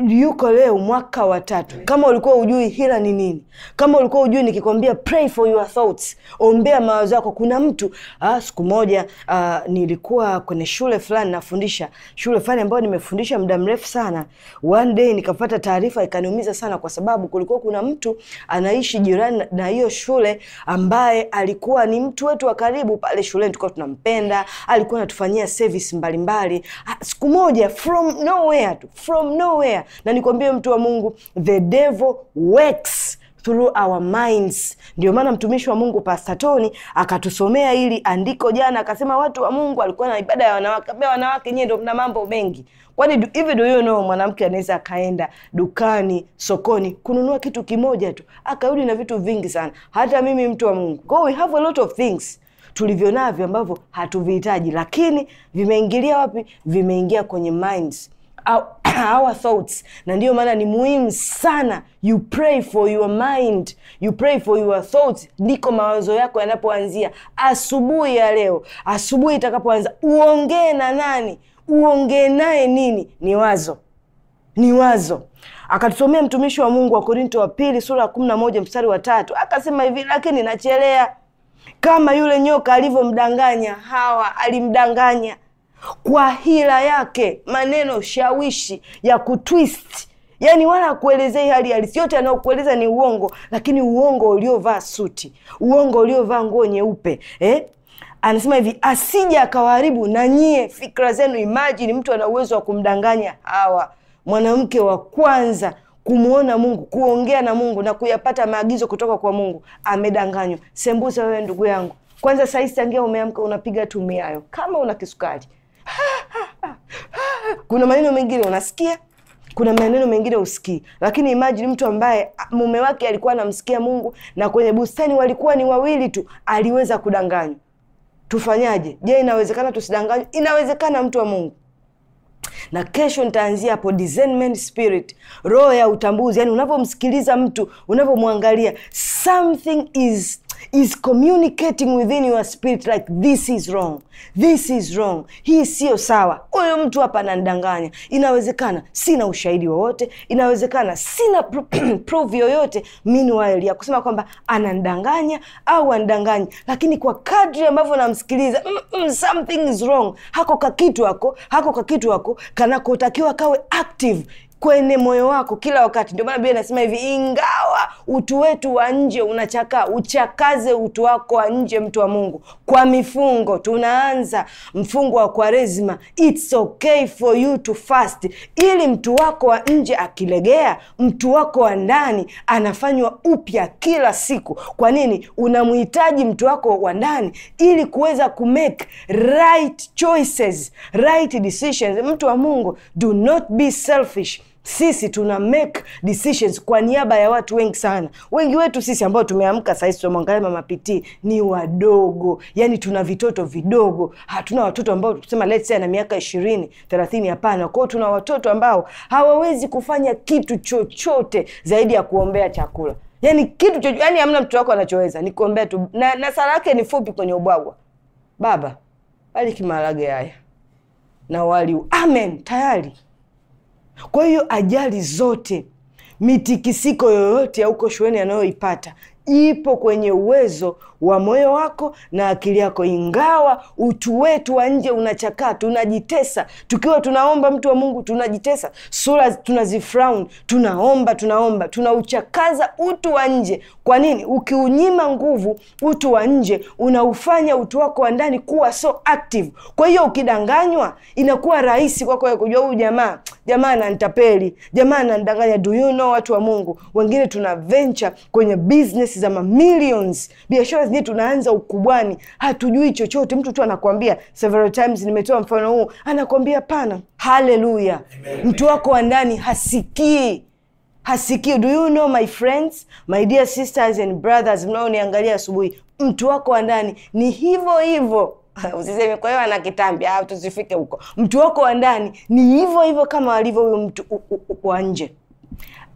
yuko leo mwaka wa tatu. Kama ulikuwa ujui hila ni nini, kama ulikuwa ujui nikikwambia pray for your thoughts, ombea mawazo yako. Kuna mtu ah, siku moja ah, nilikuwa kwenye shule fulani nafundisha shule fulani ambayo nimefundisha muda mrefu sana. One day nikapata taarifa ikaniumiza sana, kwa sababu kulikuwa kuna mtu anaishi jirani na hiyo shule ambaye alikuwa ni mtu wetu wa karibu pale shuleni, tulikuwa tunampenda, alikuwa anatufanyia service mbalimbali. Ah, siku moja from nowhere tu, from nowhere kuongea na nikwambie mtu wa mungu the devil works through our minds ndio maana mtumishi wa mungu pastatoni akatusomea hili andiko jana akasema watu wa mungu alikuwa na ibada ya wanawake wanawake nyie ndo mna mambo mengi kwani hivi do you know mwanamke anaweza akaenda dukani sokoni kununua kitu kimoja tu akarudi na vitu vingi sana hata mimi mtu wa mungu Go, we have a lot of things tulivyo navyo ambavyo hatuvihitaji lakini vimeingilia wapi vimeingia kwenye minds our thoughts na ndiyo maana ni muhimu sana you pray for your mind you pray for your thoughts ndiko mawazo yako yanapoanzia asubuhi ya leo asubuhi itakapoanza uongee na nani uongee naye nini ni wazo ni wazo akatusomea mtumishi wa mungu wa korinto wa pili sura ya kumi na moja mstari wa tatu akasema hivi lakini nachelea kama yule nyoka alivyomdanganya hawa alimdanganya kwa hila yake, maneno shawishi ya kutwist, yaani wala akuelezei hali halisi. Yote anayokueleza ni uongo, lakini uongo uliovaa suti, uongo uliovaa nguo nyeupe eh? Anasema hivi, asija akawaharibu na nyie fikra zenu. Imajini mtu ana uwezo wa kumdanganya Hawa, mwanamke wa kwanza kumwona Mungu, kuongea na Mungu na kuyapata maagizo kutoka kwa Mungu, amedanganywa. sembuza wewe ndugu yangu, kwanza saisi tangia umeamka unapiga tu miayo kama una kisukari kuna maneno mengine unasikia kuna maneno mengine usikii lakini imajini mtu ambaye mume wake alikuwa anamsikia mungu na kwenye bustani walikuwa ni wawili tu aliweza kudanganywa tufanyaje je inawezekana tusidanganywe inawezekana mtu wa mungu na kesho nitaanzia hapo discernment spirit roho ya utambuzi yaani unavyomsikiliza mtu unavyomwangalia something is is communicating within your spirit like this is wrong, this is wrong, hii sio sawa, huyo mtu hapa ananidanganya. Inawezekana sina ushahidi wowote, inawezekana sina proof yoyote meanwhile ya kusema kwamba anandanganya au anidanganya, lakini kwa kadri ambavyo namsikiliza mm -mm, something is wrong, hako kakitu hako hako kakitu hako kanakotakiwa kawe active kwenye moyo wako kila wakati. Ndio maana Biblia inasema hivi, ingawa utu wetu wa nje unachakaa, uchakaze utu wako wa nje, mtu wa Mungu, kwa mifungo. Tunaanza mfungo wa kwarezima it's okay for you to fast, ili mtu wako wa nje akilegea, mtu wako wa ndani anafanywa upya kila siku. Kwa nini? Unamhitaji mtu wako wa ndani ili kuweza kumake right choices, right decisions. Mtu wa Mungu, do not be selfish sisi tuna make decisions kwa niaba ya watu wengi sana. Wengi wetu sisi ambao tumeamka saa hizi tunamwangalia mama PT ni wadogo, yani tuna vitoto vidogo, hatuna watoto ambao tusema let's say ana miaka ishirini thelathini. Hapana, kwao tuna watoto ambao hawawezi kufanya kitu chochote zaidi ya kuombea chakula, yani kitu chochote, yani hamna mtoto wako anachoweza ni kuombea tu, na, na sala yake ni fupi kwenye ubwagwa, baba bali maharage haya na wali, amen tayari. Kwa hiyo ajali zote, mitikisiko yoyote ya uko shuleni anayoipata ipo kwenye uwezo wa moyo wako na akili yako. Ingawa utu wetu wa nje unachakaa, tunajitesa tukiwa tunaomba, mtu wa Mungu, tunajitesa, sura tunazifrown, tunaomba, tunaomba, tunauchakaza utu wa nje. Kwa nini? Ukiunyima nguvu utu wa nje, unaufanya utu wako wa ndani kuwa so active. Kwa hiyo ukidanganywa, inakuwa rahisi kwako kwa kujua huyu jamaa jamaa nantapeli jamaa ananidanganya. Do you know, watu wa Mungu wengine tuna venture kwenye business za mamillions. Biashara zenyewe tunaanza ukubwani, hatujui chochote. Mtu tu anakwambia several times, nimetoa mfano huu, anakwambia pana. Haleluya! mtu wako wa ndani hasikii hasikii. Do you know my friends, my dear sisters and brothers mnaoniangalia asubuhi, mtu wako wa ndani ni hivyo hivyo Usiseme kwa hiyo ana kitambi au ah, tusifike huko. Mtu wako wa ndani ni hivyo hivyo kama alivyo huyo mtu wa nje.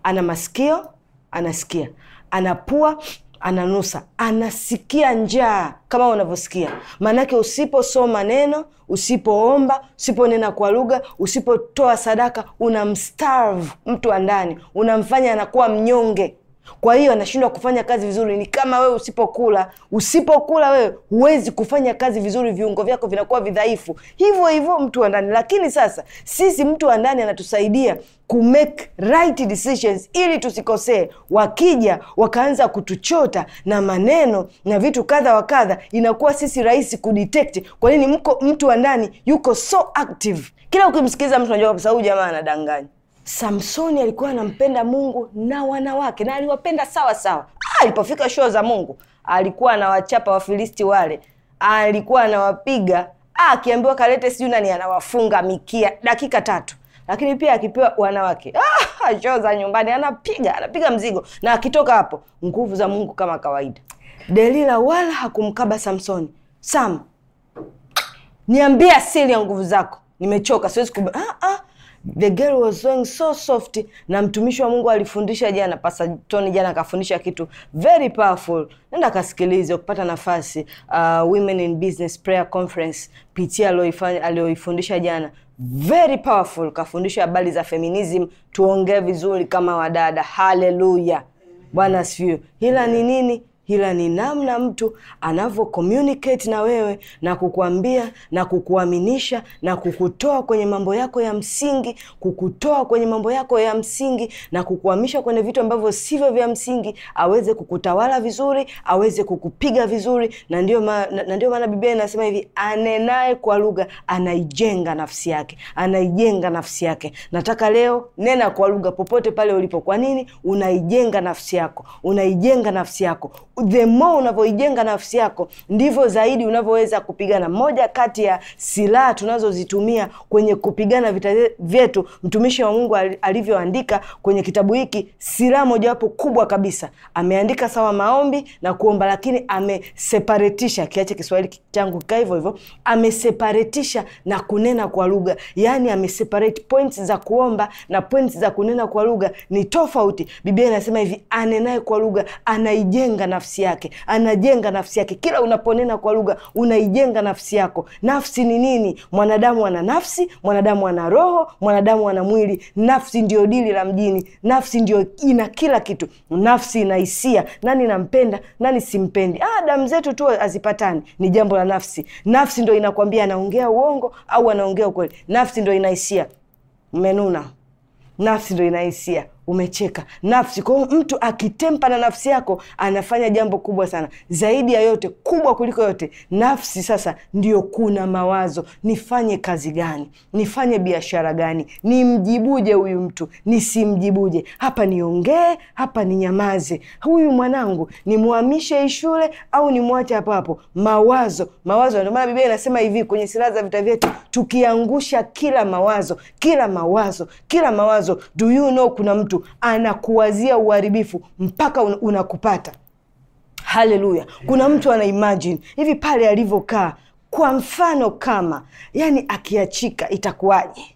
Ana masikio, anasikia anapua ananusa anasikia njaa kama unavyosikia maanake usiposoma neno usipoomba usiponena kwa lugha usipotoa sadaka unamstarve mtu wa ndani unamfanya anakuwa mnyonge kwa hiyo anashindwa kufanya kazi vizuri. Ni kama wewe usipokula, usipokula wewe huwezi kufanya kazi vizuri, viungo vyako vinakuwa vidhaifu. Hivyo hivyo mtu wa ndani. Lakini sasa sisi, mtu wa ndani anatusaidia ku make right decisions ili tusikosee. Wakija wakaanza kutuchota na maneno na vitu kadha wa kadha, inakuwa sisi rahisi kudetect. Kwa nini mko mtu wa ndani yuko so active, kila ukimsikiliza mtu unajua kabisa huyu jamaa anadanganya. Samsoni alikuwa anampenda Mungu na wanawake na aliwapenda sawa sawa. Ah, alipofika shoo za Mungu alikuwa anawachapa Wafilisti wale, alikuwa anawapiga ah, akiambiwa kalete sijui nani, anawafunga mikia dakika tatu. Lakini pia akipewa wanawake ah, shoo za nyumbani anapiga anapiga mzigo, na akitoka hapo nguvu za Mungu kama kawaida. Delila wala hakumkaba Samsoni. Sam, niambia siri ya nguvu zako, nimechoka, siwezi kub... ah, ah the girl was going so soft, na mtumishi wa Mungu alifundisha jana, pasa Tony jana akafundisha kitu very powerful. Nenda kasikilize ukipata nafasi. Uh, Women in Business Prayer Conference, pitia aliyoifundisha jana very powerful, kafundisha habari za feminism, tuongee vizuri kama wadada. Haleluya, Bwana asifiwe. Hila ni nini? ila ni namna mtu anavyo communicate na wewe na kukuambia na kukuaminisha na kukutoa kwenye mambo yako ya msingi, kukutoa kwenye mambo yako ya msingi na kukuhamisha kwenye vitu ambavyo sivyo vya msingi, aweze kukutawala vizuri, aweze kukupiga vizuri. Na ndio na ndio maana Biblia inasema hivi, anenaye kwa lugha anaijenga nafsi yake, anaijenga nafsi yake. Nataka leo nena kwa lugha popote pale ulipo. Kwa nini? Unaijenga nafsi yako, unaijenga nafsi yako the more unavyoijenga nafsi yako ndivyo zaidi unavyoweza kupigana. Moja kati ya silaha tunazozitumia kwenye kupigana vita vyetu, mtumishi wa Mungu alivyoandika kwenye kitabu hiki, silaha mojawapo kubwa kabisa ameandika sawa maombi na kuomba, lakini ameseparetisha, kiache Kiswahili changu kikaa hivyo hivyo, ameseparetisha na kunena kwa lugha, yaani ameseparate points za kuomba na points za kunena kwa lugha ni tofauti. Biblia inasema hivi, anenaye kwa lugha anaijenga na nafsi yake, anajenga nafsi yake. Kila unaponena kwa lugha unaijenga nafsi yako. Nafsi ni nini? Mwanadamu ana nafsi, mwanadamu ana roho, mwanadamu ana mwili. Nafsi ndio dili la mjini, nafsi ndio ina kila kitu. Nafsi ina hisia, nani nampenda, nani simpendi. Ah, damu zetu tu hazipatani, ni jambo la nafsi. Nafsi ndio inakwambia anaongea uongo au anaongea ukweli. Nafsi ndio ina hisia, mmenuna. Nafsi ndio ina hisia umecheka nafsi. Kwa hiyo mtu akitempa na nafsi yako anafanya jambo kubwa sana, zaidi ya yote, kubwa kuliko yote. Nafsi sasa ndiyo kuna mawazo, nifanye kazi gani? Nifanye biashara gani? Nimjibuje huyu mtu? Nisimjibuje? Hapa niongee, hapa ninyamaze? Huyu mwanangu nimwamishe hii shule au nimwache hapa hapo? Mawazo, mawazo. Ndio maana Biblia inasema hivi kwenye silaha za vita vyetu, tukiangusha kila mawazo, kila mawazo, kila mawazo. Do you know kuna mtu mtu anakuwazia uharibifu mpaka unakupata haleluya kuna mtu ana imagine hivi pale alivyokaa kwa mfano kama yani akiachika itakuwaje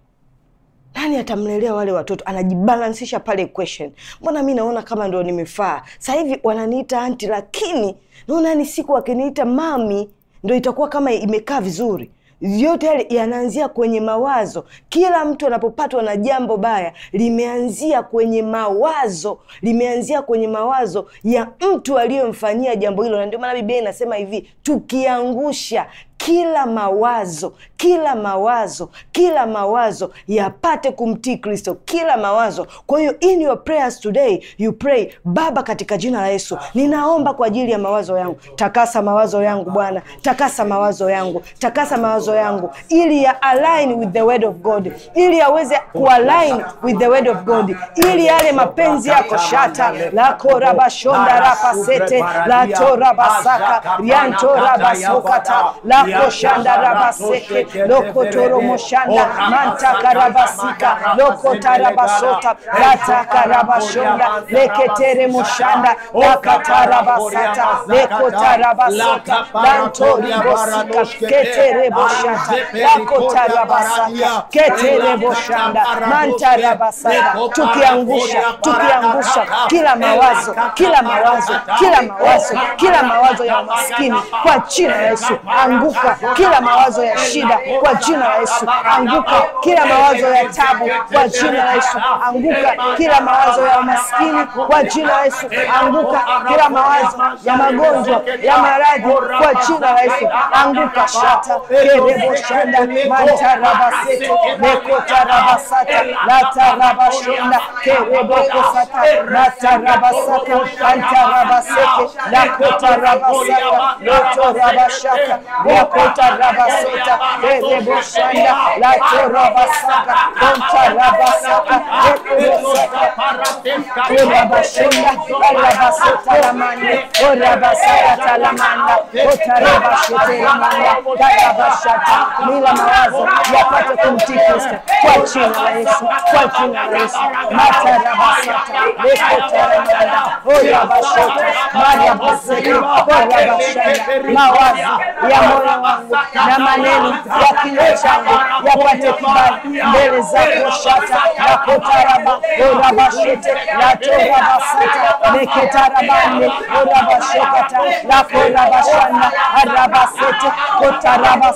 nani atamlelea wale watoto anajibalansisha pale question mbona mi naona kama ndo nimefaa sahivi wananiita anti lakini naona ni yaani siku akiniita mami ndo itakuwa kama imekaa vizuri yote yanaanzia kwenye mawazo. Kila mtu anapopatwa na jambo baya limeanzia kwenye mawazo, limeanzia kwenye mawazo ya mtu aliyemfanyia jambo hilo, na ndio maana Biblia inasema hivi, tukiangusha kila mawazo kila mawazo kila mawazo yapate kumtii Kristo, kila mawazo. Kwa hiyo in your prayers today you pray, Baba, katika jina la Yesu ninaomba kwa ajili ya mawazo yangu, takasa mawazo yangu Bwana, takasa mawazo yangu, takasa mawazo yangu ili ya align with the word of God, ili yaweze kualign with the word of God, ili yale mapenzi yako shata lakorabashondarapasete latorabasaka riantorabasokata la rakoshanda rabaseke lokotoro moshanda mantaka rabasika lokota rabasota rataka rabashonda leketere moshanda rakata rabasata lekota rabasota lanto ribosika ketere boshanda rakota rabasaka ketere boshanda manta rabasaka tukiangusha tukiangusha kila mawazo kila mawazo kila mawazo kila mawazo ya umaskini kwa jina la Yesu anguka anguka kila mawazo ya shida kwa jina la Yesu, anguka kila mawazo ya tabu kwa jina la Yesu, anguka kila mawazo ya umaskini kwa jina la Yesu, anguka kila mawazo ya magonjwa ya maradhi kwa jina la Yesu, anguka shata kerebo shanda mantarabasete mekotarabasata latarabashonda kerebokosata natarabasaka antarabaseke lakotarabasaka lotorabashaka Kota Rabasota, Eleboshanda, Lato Rabasaka, Donta Rabasaka, Rabashenda, Rabasota Lamande, Rabasaka Talamanda, Kota Rabashota Lamanda, Rabashata, Mila Marazo, yapate kumtikisa kwa jina la Yesu, kwa jina la Yesu, Mata Rabasata, Lekota Lamanda, Rabashota, Maria Basaka, mawazo, ya Yamoya na maneno ya kinywa changu yapate kibali mbele zako shata na kotaraba orabashete na torabasata neketarabane orabashekata na korabashana arabasete sata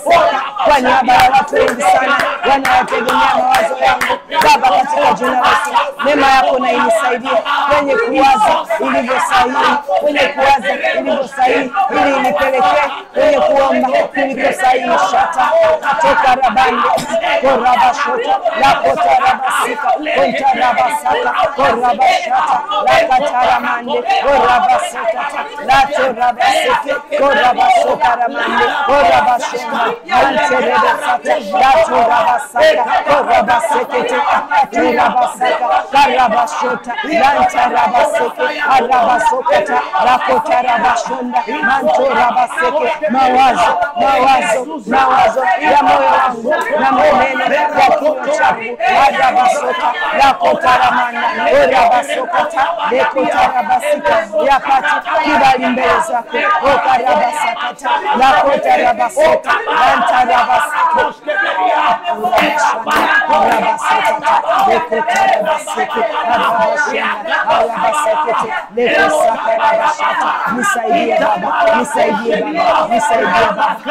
kwa niaba ya watu wengi sana wanaotegemea mawazo yangu Baba, katika jina la Yesu, neema yako na inisaidie kwenye kuwaza ilivyo sahihi, kwenye kuwaza ilivyo sahihi, ili inipelekee kwenye kuomba kunde saishata katoka rabani korabashota lakotarabasika kontarabasaka korabashata lakataramande korabasekata latorabaseke korabasokaramande korabashema manterebesata latorabasaka korabasekete aturabasaka karabashota lantarabasekete arabasokata lakotarabashonda mantorabaseke mawazo mawazo mawazo ya moyo wangu na muumene wa kinywa changu wajabasota yakotaramana orabasokata lekotarabasika yapati kibali mbele zako okarabasakata yakotarabasota antarabasiko rabasakata lekotarabasiki arabashena arabasekete lekosakarabashata nisaidie baba nisaidie baba nisaidie baba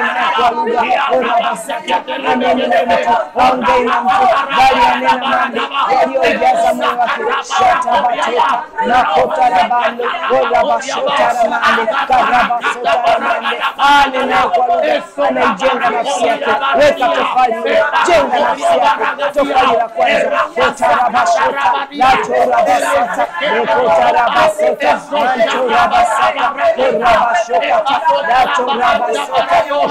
yaliyojaza moyo wake shatabateka na kotarabando orabasotaramande karabasotaramande anena kwa lugha anaijenga nafsi yake weka tofali jenga nafsi yako tofali la kwanza kotarabashota natorabasata nekotarabasota nantorabasata korabashokata natorabasota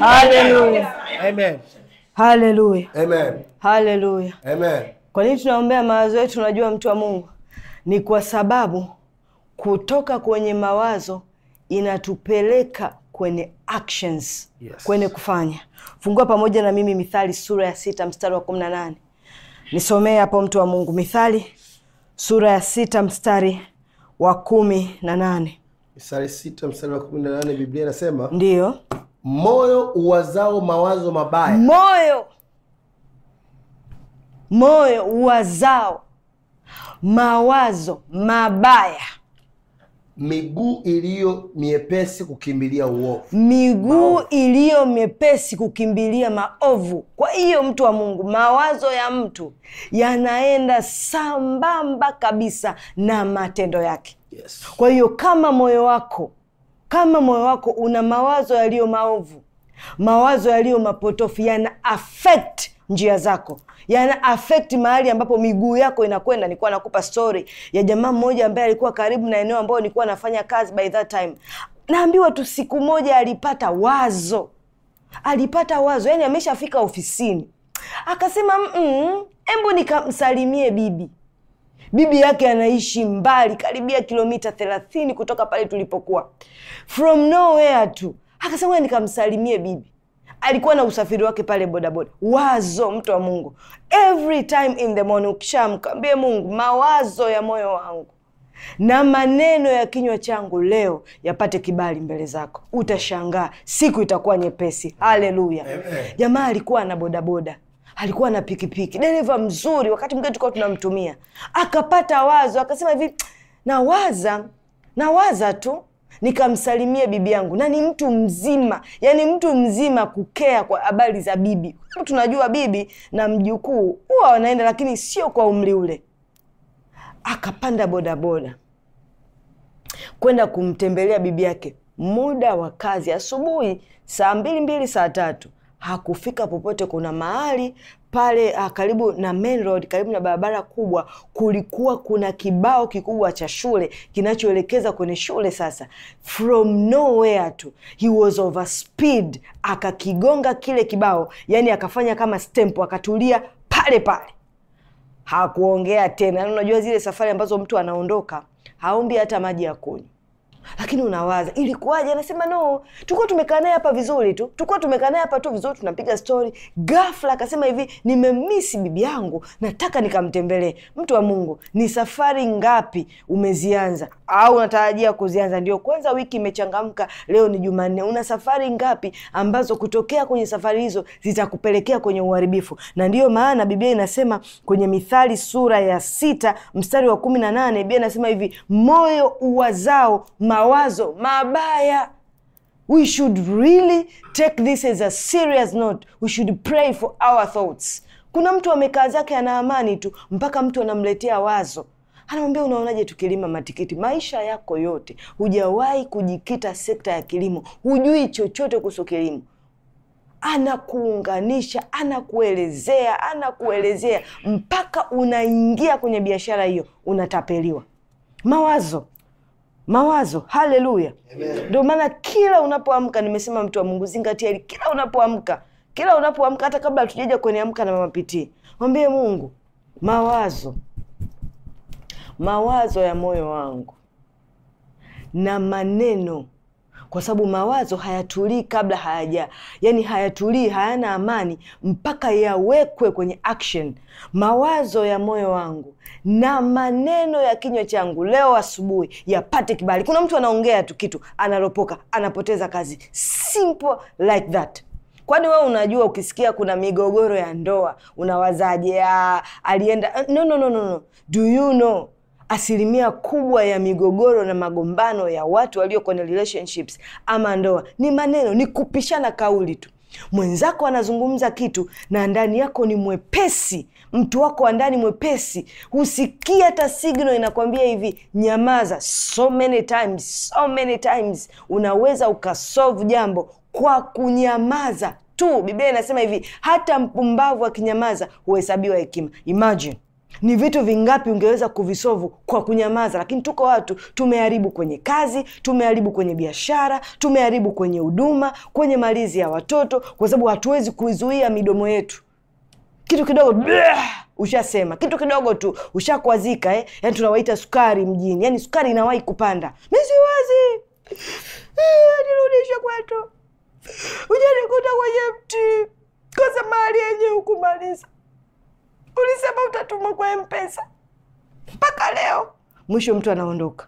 Aleluia. Aleluia. Amém. Haleluya, amen. Haleluya, amen. Kwa nini tunaombea mawazo yetu? Tunajua mtu wa Mungu, ni kwa sababu kutoka kwenye mawazo inatupeleka kwenye actions, yes. kwenye kufanya. Fungua pamoja na mimi Mithali sura ya sita mstari wa kumi na nane nisomee hapo, mtu wa Mungu. Mithali sura ya sita mstari wa kumi na nane Mithali sita mstari wa kumi na nane Biblia inasema ndiyo moyo uwazao mawazo mabaya, moyo moyo uwazao mawazo mabaya, miguu iliyo miepesi kukimbilia uovu, miguu iliyo miepesi kukimbilia maovu. Kwa hiyo mtu wa Mungu, mawazo ya mtu yanaenda sambamba kabisa na matendo yake. Yes. Kwa hiyo kama moyo wako kama moyo wako una mawazo yaliyo maovu, mawazo yaliyo mapotofu, yana affect njia zako, yana affect mahali ambapo miguu yako inakwenda. Nilikuwa nakupa story ya jamaa mmoja ambaye alikuwa karibu na eneo ambayo nilikuwa nafanya kazi. By that time naambiwa tu, siku moja alipata wazo, alipata wazo, yani ameshafika ofisini akasema, mm, embu nikamsalimie bibi Bibi yake anaishi mbali, karibia kilomita thelathini kutoka pale tulipokuwa, from nowhere tu akasema nikamsalimie bibi. Alikuwa na usafiri wake pale bodaboda. Wazo, mtu wa Mungu, every time in the morning ukishamka, mwambie Mungu, mawazo ya moyo wangu na maneno ya kinywa changu leo yapate kibali mbele zako. Utashangaa siku itakuwa nyepesi. Haleluya! Jamaa alikuwa na bodaboda alikuwa na pikipiki dereva mzuri wakati mgine tukawa tunamtumia akapata wazo akasema hivi nawaza nawaza tu nikamsalimia bibi yangu na ni mtu mzima yani mtu mzima kukea kwa habari za bibi tunajua bibi na mjukuu huwa wanaenda lakini sio kwa umri ule akapanda bodaboda kwenda kumtembelea bibi yake muda wa kazi asubuhi saa mbili mbili saa tatu hakufika popote. Kuna mahali pale uh, karibu na main road, karibu na barabara kubwa, kulikuwa kuna kibao kikubwa cha shule kinachoelekeza kwenye shule. Sasa from nowhere tu he was over speed, akakigonga kile kibao, yani akafanya kama stamp, akatulia pale pale, hakuongea tena. Unajua zile safari ambazo mtu anaondoka haombi hata maji ya kunywa lakini unawaza ilikuwaje? Anasema no, tukuwa tumekaa naye hapa vizuri tu, tukuwa tumekaa naye hapa tu vizuri, tunapiga stori. gafla akasema hivi, nimemisi bibi yangu, nataka nikamtembelee. Mtu wa Mungu, ni safari ngapi umezianza au unatarajia kuzianza ndio kwanza wiki imechangamka, leo ni Jumanne. Una safari ngapi ambazo kutokea kwenye safari hizo zitakupelekea kwenye uharibifu? Na ndiyo maana Biblia inasema kwenye Mithali sura ya sita mstari wa kumi na nane bibia inasema hivi, moyo uwazao mawazo mabaya We should really take this as a serious note. We should pray for our thoughts. Kuna mtu amekaa zake ana amani tu mpaka mtu anamletea wazo Anamwambia unaonaje tukilima matikiti? Maisha yako yote hujawahi kujikita sekta ya kilimo, hujui chochote kuhusu kilimo. Anakuunganisha, anakuelezea, anakuelezea mpaka unaingia kwenye biashara hiyo, unatapeliwa mawazo mawazo. Haleluya! Ndio maana kila unapoamka, nimesema mtu wa Mungu, zingatia kila unapoamka, kila unapoamka, hata kabla hatujaja kwenye amka na mamapitii, mwambie Mungu mawazo mawazo ya moyo wangu na maneno, kwa sababu mawazo hayatulii kabla hayaja, yani hayatulii, hayana amani mpaka yawekwe kwenye action. Mawazo ya moyo wangu na maneno ya kinywa changu leo asubuhi yapate kibali. Kuna mtu anaongea tu kitu, analopoka, anapoteza kazi, simple like that. Kwani wewe unajua, ukisikia kuna migogoro ya ndoa unawazaje? Ah, alienda no, no, no, no. Do you know asilimia kubwa ya migogoro na magombano ya watu walio kwenye relationships ama ndoa ni maneno, ni kupishana kauli tu. Mwenzako anazungumza kitu na ndani yako ni mwepesi, mtu wako wa ndani mwepesi, husikia hata signal inakwambia hivi nyamaza. So many times, so many times unaweza ukasolve jambo kwa kunyamaza tu. Biblia inasema hivi, hata mpumbavu akinyamaza huhesabiwa hekima. Imagine ni vitu vingapi ungeweza kuvisovu kwa kunyamaza, lakini tuko watu tumeharibu kwenye kazi, tumeharibu kwenye biashara, tumeharibu kwenye huduma, kwenye malizi ya watoto, kwa sababu hatuwezi kuizuia midomo yetu. Kitu kidogo bleh, ushasema kitu kidogo tu ushakwazika, eh? Yani tunawaita sukari mjini, yani sukari inawahi kupanda. Mi siwezi eh, nirudishe kwetu, ujanikuta kwenye mti kosa mahali yenye hukumaliza ulisema utatuma kwa Mpesa mpaka leo. Mwisho mtu anaondoka.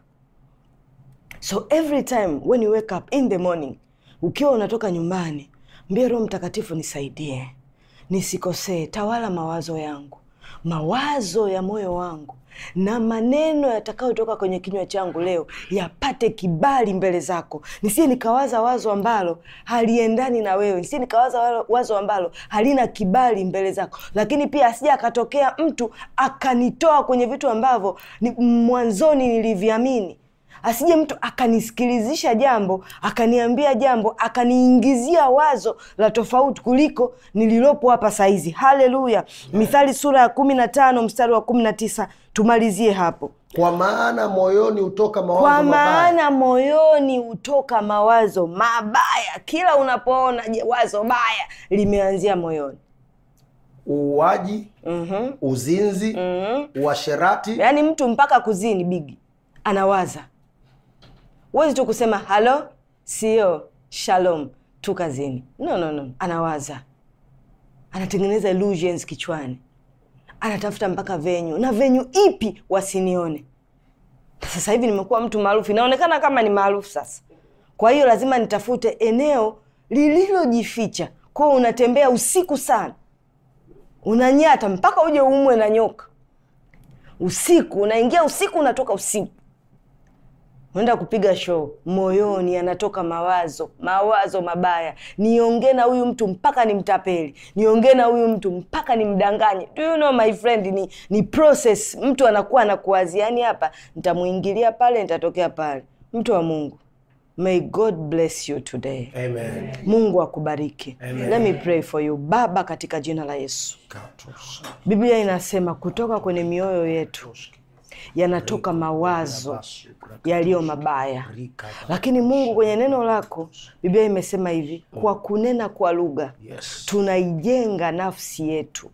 So every time when you wake up in the morning, ukiwa unatoka nyumbani, mbie Roho Mtakatifu, nisaidie nisikosee, tawala mawazo yangu, mawazo ya moyo wangu na maneno yatakayotoka kwenye kinywa changu leo yapate kibali mbele zako, nisie nikawaza wazo ambalo haliendani na wewe, nisie nikawaza wazo ambalo halina kibali mbele zako. Lakini pia asija akatokea mtu akanitoa kwenye vitu ambavyo ni mwanzoni niliviamini asije mtu akanisikilizisha jambo akaniambia jambo akaniingizia wazo la tofauti kuliko nililopo hapa saizi. Haleluya! Mithali sura ya kumi na tano mstari wa kumi na tisa tumalizie hapo. Kwa maana moyoni hutoka mawazo kwa maana mabaya. Moyoni hutoka mawazo mabaya. Kila unapoona wazo baya limeanzia moyoni uuaji, mm -hmm. uzinzi, mm -hmm. uasherati, yaani mtu mpaka kuzini bigi anawaza Huwezi tu kusema halo, sio e shalom tu kazini. No, no, no. Anawaza, anatengeneza illusions kichwani, anatafuta mpaka venyu na venyu ipi wasinione. Sasa hivi nimekuwa mtu maarufu, inaonekana kama ni maarufu sasa. Kwa hiyo lazima nitafute eneo lililojificha kwao. Unatembea usiku sana, unanyata mpaka uje umwe na nyoka usiku, unaingia usiku, unatoka usiku unaenda kupiga show, moyoni anatoka mawazo mawazo mabaya, niongee na huyu mtu mpaka nimtapeli, niongee na huyu mtu mpaka nimdanganye. Do you know my friend, ni, ni process. Mtu anakuwa anakuwazia, yani hapa nitamuingilia, pale nitatokea pale. Mtu wa Mungu, May God bless you today. Amen. Mungu akubariki. Let me pray for you. Baba, katika jina la Yesu, Biblia inasema kutoka kwenye mioyo yetu yanatoka mawazo yaliyo mabaya, lakini Mungu kwenye neno lako, Biblia imesema hivi, mm. kwa kunena kwa lugha tunaijenga nafsi yetu.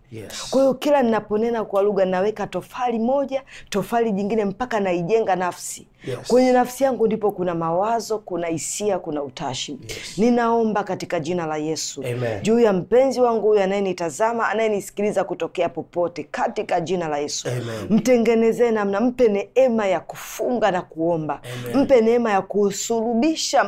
Kwa hiyo kila ninaponena kwa lugha naweka tofali moja, tofali jingine, mpaka naijenga nafsi Yes. Kwenye nafsi yangu ndipo kuna mawazo, kuna hisia, kuna utashi. Yes. Ninaomba katika jina la Yesu juu ya mpenzi wangu huyu anayenitazama, anayenisikiliza kutokea popote, katika jina la Yesu mtengenezee namna, mpe neema ya kufunga na kuomba. Amen. Mpe neema ya kusulubisha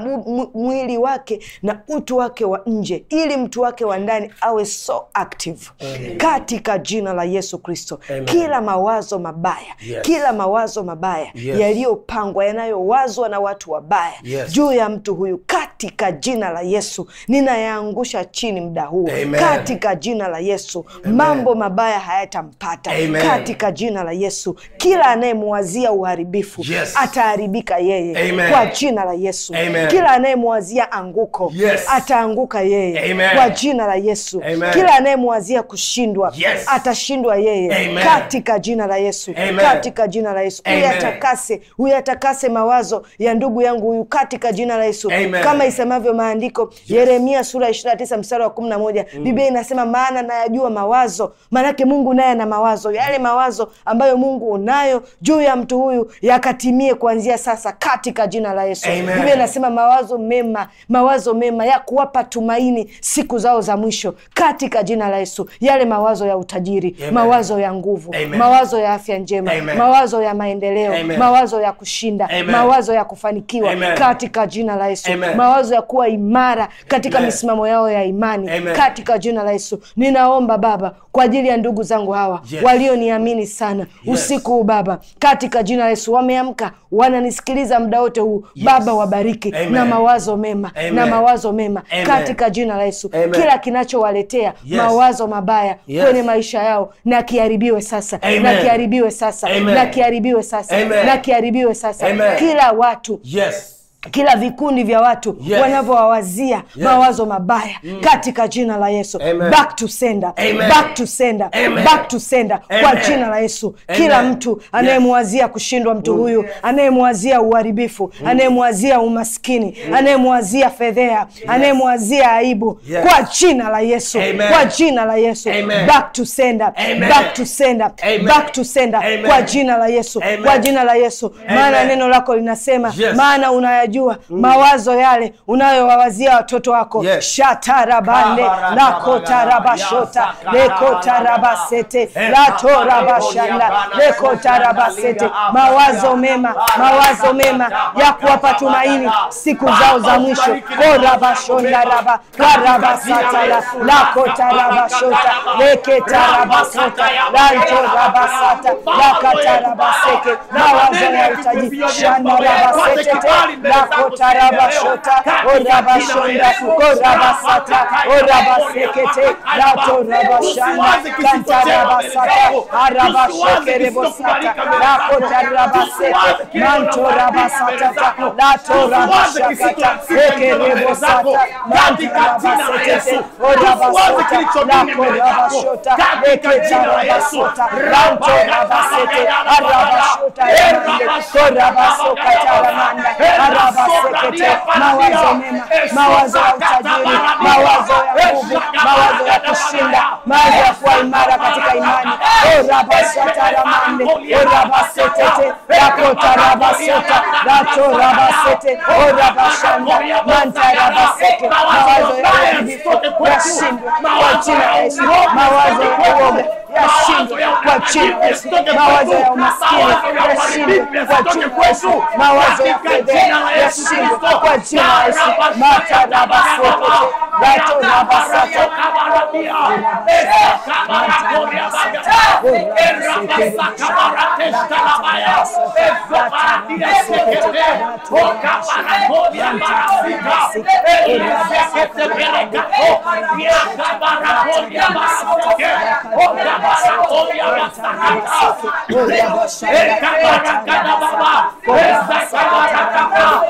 mwili wake na utu wake wa nje, ili mtu wake wa ndani awe so active. Amen. Katika jina la Yesu Kristo, kila mawazo mabaya, yes. kila mawazo mabaya yes. yaliyo yaliyopangwa yanayowazwa na watu wabaya yes. juu ya mtu huyu katika jina la Yesu ninayaangusha chini mda huo katika jina la Yesu Amen. mambo mabaya hayatampata katika jina la Yesu kila anayemwazia uharibifu yes. ataharibika yeye Amen. kwa jina la Yesu Amen. kila anayemwazia anguko yes. ataanguka yeye Amen. kwa jina la Yesu Amen. kila anayemwazia kushindwa yes. atashindwa yeye Amen. katika jina la Yesu Amen. katika jina la Yesu uyatakase uyata yatakase mawazo ya ndugu yangu huyu katika jina la Yesu. Amen. Kama isemavyo maandiko yes. Yeremia sura 29 mstari wa 11 mm. Biblia inasema maana nayajua mawazo, maanake Mungu naye ana mawazo, yale mawazo ambayo Mungu unayo juu ya mtu huyu yakatimie kuanzia sasa katika jina la Yesu. Biblia inasema mawazo mema, mawazo mema ya kuwapa tumaini siku zao za mwisho katika jina la Yesu, yale mawazo ya utajiri Amen. mawazo ya nguvu Amen. mawazo ya afya njema Amen. mawazo ya maendeleo Amen. mawazo ya kushi kushinda Amen. mawazo ya kufanikiwa Amen. katika jina la Yesu Amen. mawazo ya kuwa imara katika Amen. misimamo yao ya imani Amen. katika jina la Yesu ninaomba Baba kwa ajili ya ndugu zangu hawa yes. walioniamini sana yes. usiku huu Baba katika jina la Yesu wameamka wananisikiliza muda wote huu yes. Baba wabariki Amen. na mawazo mema Amen. na mawazo mema Amen. katika jina la Yesu Amen. kila kinachowaletea yes. mawazo mabaya yes. kwenye maisha yao na kiharibiwe sasa Amen. na kiharibiwe sasa Amen. na kiharibiwe sasa Amen. na kiharibiwe sasa sasa Amen. kila watu yes kila vikundi vya watu yes. wanavyowawazia yes. mawazo mabaya mm. katika jina la Yesu Amen. back to sender. Amen. back to sender. Amen. back to sender kwa jina la Yesu Amen. kila mtu anayemwazia yes. kushindwa mtu mm. huyu mm. anayemwazia uharibifu mm. anayemwazia umaskini mm. anayemwazia fedhea yes. anayemwazia aibu yes. kwa jina la Yesu Amen. kwa jina la Yesu Amen. back to sender. Amen. back to sender. Amen. back to sender. Amen. kwa jina la Yesu Amen. kwa jina la Yesu maana neno lako linasema yes. maana una unajua mm. mawazo yale unayowawazia watoto wako yes. shatarabande lakotarabashota lekotarabasete latorabashanda lekotarabasete mawazo mema mawazo mema ya kuwapa tumaini siku zao za mwisho korabashondaraba karabasatara lakotarabashota leketarabasota lantorabasata lakatarabaseke mawazo ya utaji la kotarabashota orabashonda korabasata orabasekete ratorabashanda kantarabasata arabashekerebosata rakotarabasete mantorabasatata latorabashakata ekerebosata mantarabasete orabasota rakorabashota eketarabasota rantorabasete arabashota erabasokataramanda ara wasekete, mawazo mema, mawazo ya utajiri, mawazo ya nguvu, mawazo ya kushinda, mawazo ya kuwa imara katika imani. orabasataramande oh, orabasetete oh, rakotarabasota ratorabasete orabashanda oh, mantarabasete mawazo ya uvivu yashindwe kwa jina Yesu, mawazo ya uoga yashindwe kwa jina Yesu, mawazo ya umaskini yashindwe kwa jina Yesu, mawazo ya fedheha destino continua esse mata da basura gato da basura cabarabia essa cabarabia essa cabarabia essa cabarabia essa cabarabia essa cabarabia essa cabarabia essa cabarabia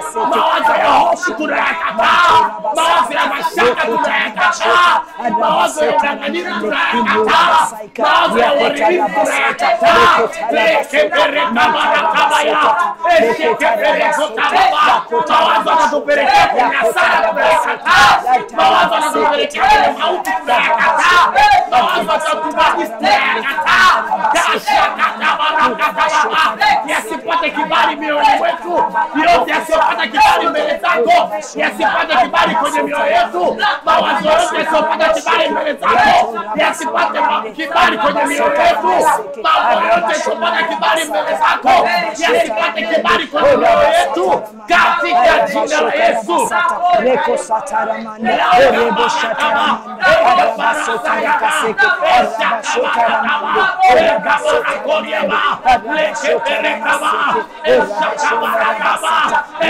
Move o curecatá! Move a machaca curecatá! Move o braganina curecatá! Move o oribim curecatá! Deixe perecabara cabaiá! Deixe perecotarabá! Mão a zona do perequete na sala curecatá! Mão a zona do perequete na outra curecatá! Mão a zona do batista curecatá! Deixe a catabara catabara! E esse pote que vale meu E eu e pada kibarimberetzako, iasi pada kibariko demioezu, baua zorontezo pada kibarimberetzako, iasi pada kibariko demioezu, baua zorontezo pada kibarimberetzako, iasi pada kibariko demioezu, katika jina la Yesu. Leko satara manda, orebo shatara manda, araba sotara kaseke, araba sotara manda, oraba sotara manda, araba sotara kaseke, araba sotara manda,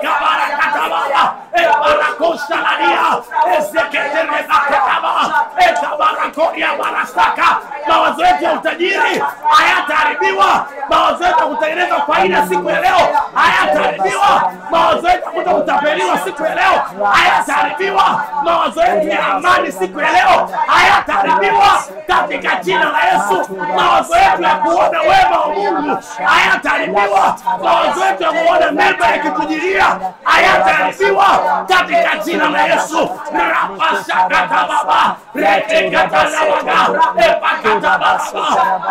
Cabaracataba, el barracosta la es de que te remataba, rakoria barasaka. Mawazo yetu ya utajiri hayataharibiwa. Mawazo yetu ya kutengeneza faida siku ya leo hayataharibiwa. Mawazo yetu ya kuja kutapeliwa siku ya leo hayataharibiwa. Mawazo yetu ya amani siku ya leo hayataharibiwa katika jina la Yesu. Mawazo yetu ya kuona wema wa Mungu hayataharibiwa. Mawazo yetu ya kuona mema yakitujilia hayataharibiwa katika jina la Yesu. rapasakatababa retekata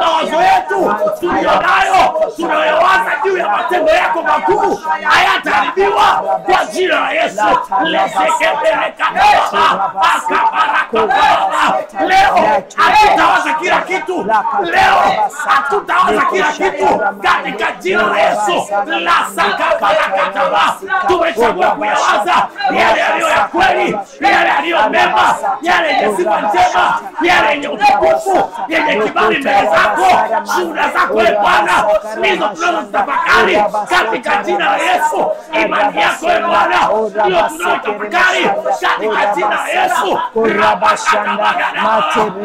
mawazo yetu tuliyonayo tunayowaza juu ya matendo yako makuu hayataribiwa kwa jina la Yesu. Leo hatutawaza kila kitu, leo hatutawaza kila kitu katika jina la Yesu. Lasakabarakataba, tumechagua kuyawaza yale yaliyo ya kweli, yale yaliyo mema, yale yenye sifa njema yenye utukufu yenye kibali mbele zako. Shuhuda zako we Bwana ndizo tunazozitafakari katika jina la Yesu. Imani yako we Bwana ndiyo tunaotafakari katika jina la Yesu.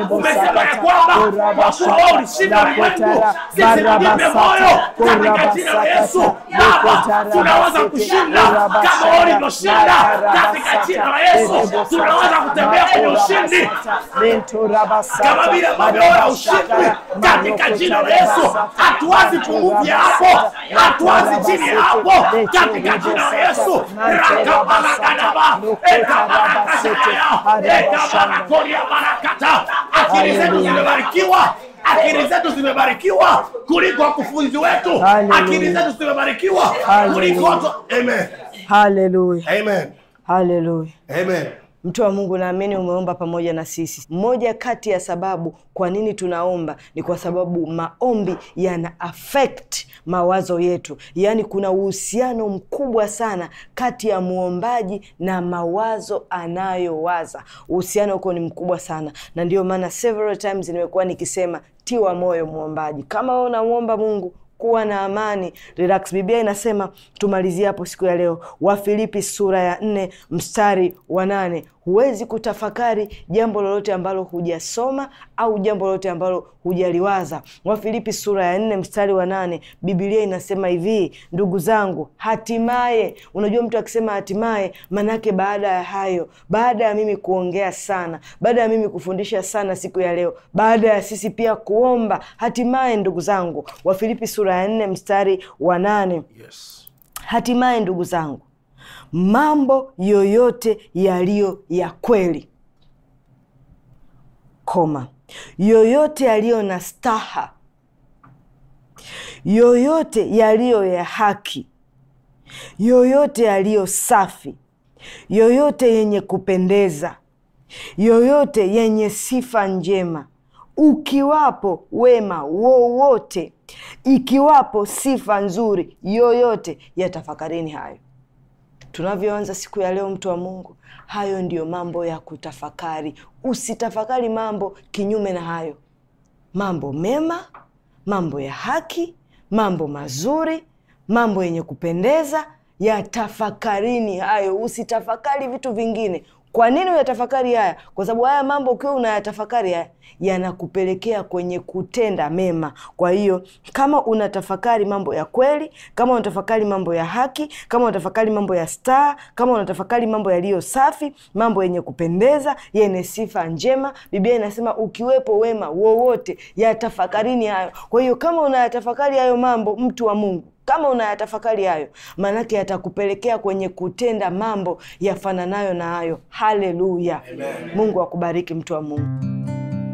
Umesema ya kwamba kwa kuwa ulishinda ulimwengu, sisi tujipe moyo katika jina la Yesu. Baba, tunaweza kushinda kama ulivyoshinda katika jina la Yesu. Tunaweza kutembea kwenye ushindi kama vile katika jina la Yesu. Hatuwazi pungufu ya hapo, hatuwazi chini ya hapo katika jina la Yesu. ekabarakoria barakata akili zetu zimebarikiwa akili zetu zimebarikiwa kuliko wakufunzi wetu, akili zetu zimebarikiwa kuliko Amen. Haleluya. Amen. Haleluya. Amen. Mtu wa Mungu, naamini umeomba pamoja na sisi. Moja kati ya sababu kwa nini tunaomba ni kwa sababu maombi yana affect mawazo yetu, yaani kuna uhusiano mkubwa sana kati ya mwombaji na mawazo anayowaza. Uhusiano huko ni mkubwa sana, na ndio maana several times nimekuwa nikisema tiwa moyo mwombaji Kama wewe unamwomba Mungu kuwa na amani, relax. Biblia inasema tumalizie hapo siku ya leo, Wafilipi sura ya nne mstari wa nane huwezi kutafakari jambo lolote ambalo hujasoma au jambo lolote ambalo hujaliwaza. Wafilipi sura ya nne mstari wa nane bibilia inasema hivi, ndugu zangu, hatimaye. Unajua, mtu akisema hatimaye, manake baada ya hayo, baada ya mimi kuongea sana, baada ya mimi kufundisha sana siku ya leo, baada ya sisi pia kuomba, hatimaye ndugu zangu. Wafilipi sura ya nne mstari wa nane yes. Hatimaye ndugu zangu mambo yoyote yaliyo ya kweli koma yoyote yaliyo na staha yoyote yaliyo ya haki yoyote yaliyo safi yoyote yenye kupendeza yoyote yenye sifa njema ukiwapo wema wowote ikiwapo sifa nzuri yoyote, yatafakarini hayo tunavyoanza siku ya leo, mtu wa Mungu, hayo ndiyo mambo ya kutafakari. Usitafakari mambo kinyume na hayo, mambo mema, mambo ya haki, mambo mazuri, mambo yenye kupendeza, ya tafakarini hayo. Usitafakari vitu vingine, kwa nini uyatafakari haya? Kwa sababu haya mambo ukiwa unayatafakari haya yanakupelekea kwenye kutenda mema. Kwa hiyo kama unatafakari mambo ya kweli, kama unatafakari mambo ya haki, kama unatafakari mambo ya staa, kama unatafakari mambo yaliyo safi, mambo yenye kupendeza, yenye sifa njema, Biblia inasema ukiwepo wema wowote, yatafakarini hayo. Kwa hiyo kama unayatafakari hayo mambo, mtu wa Mungu kama unayatafakari hayo, maanake yatakupelekea kwenye kutenda mambo yafananayo na hayo. Haleluya! Mungu akubariki mtu wa Mungu.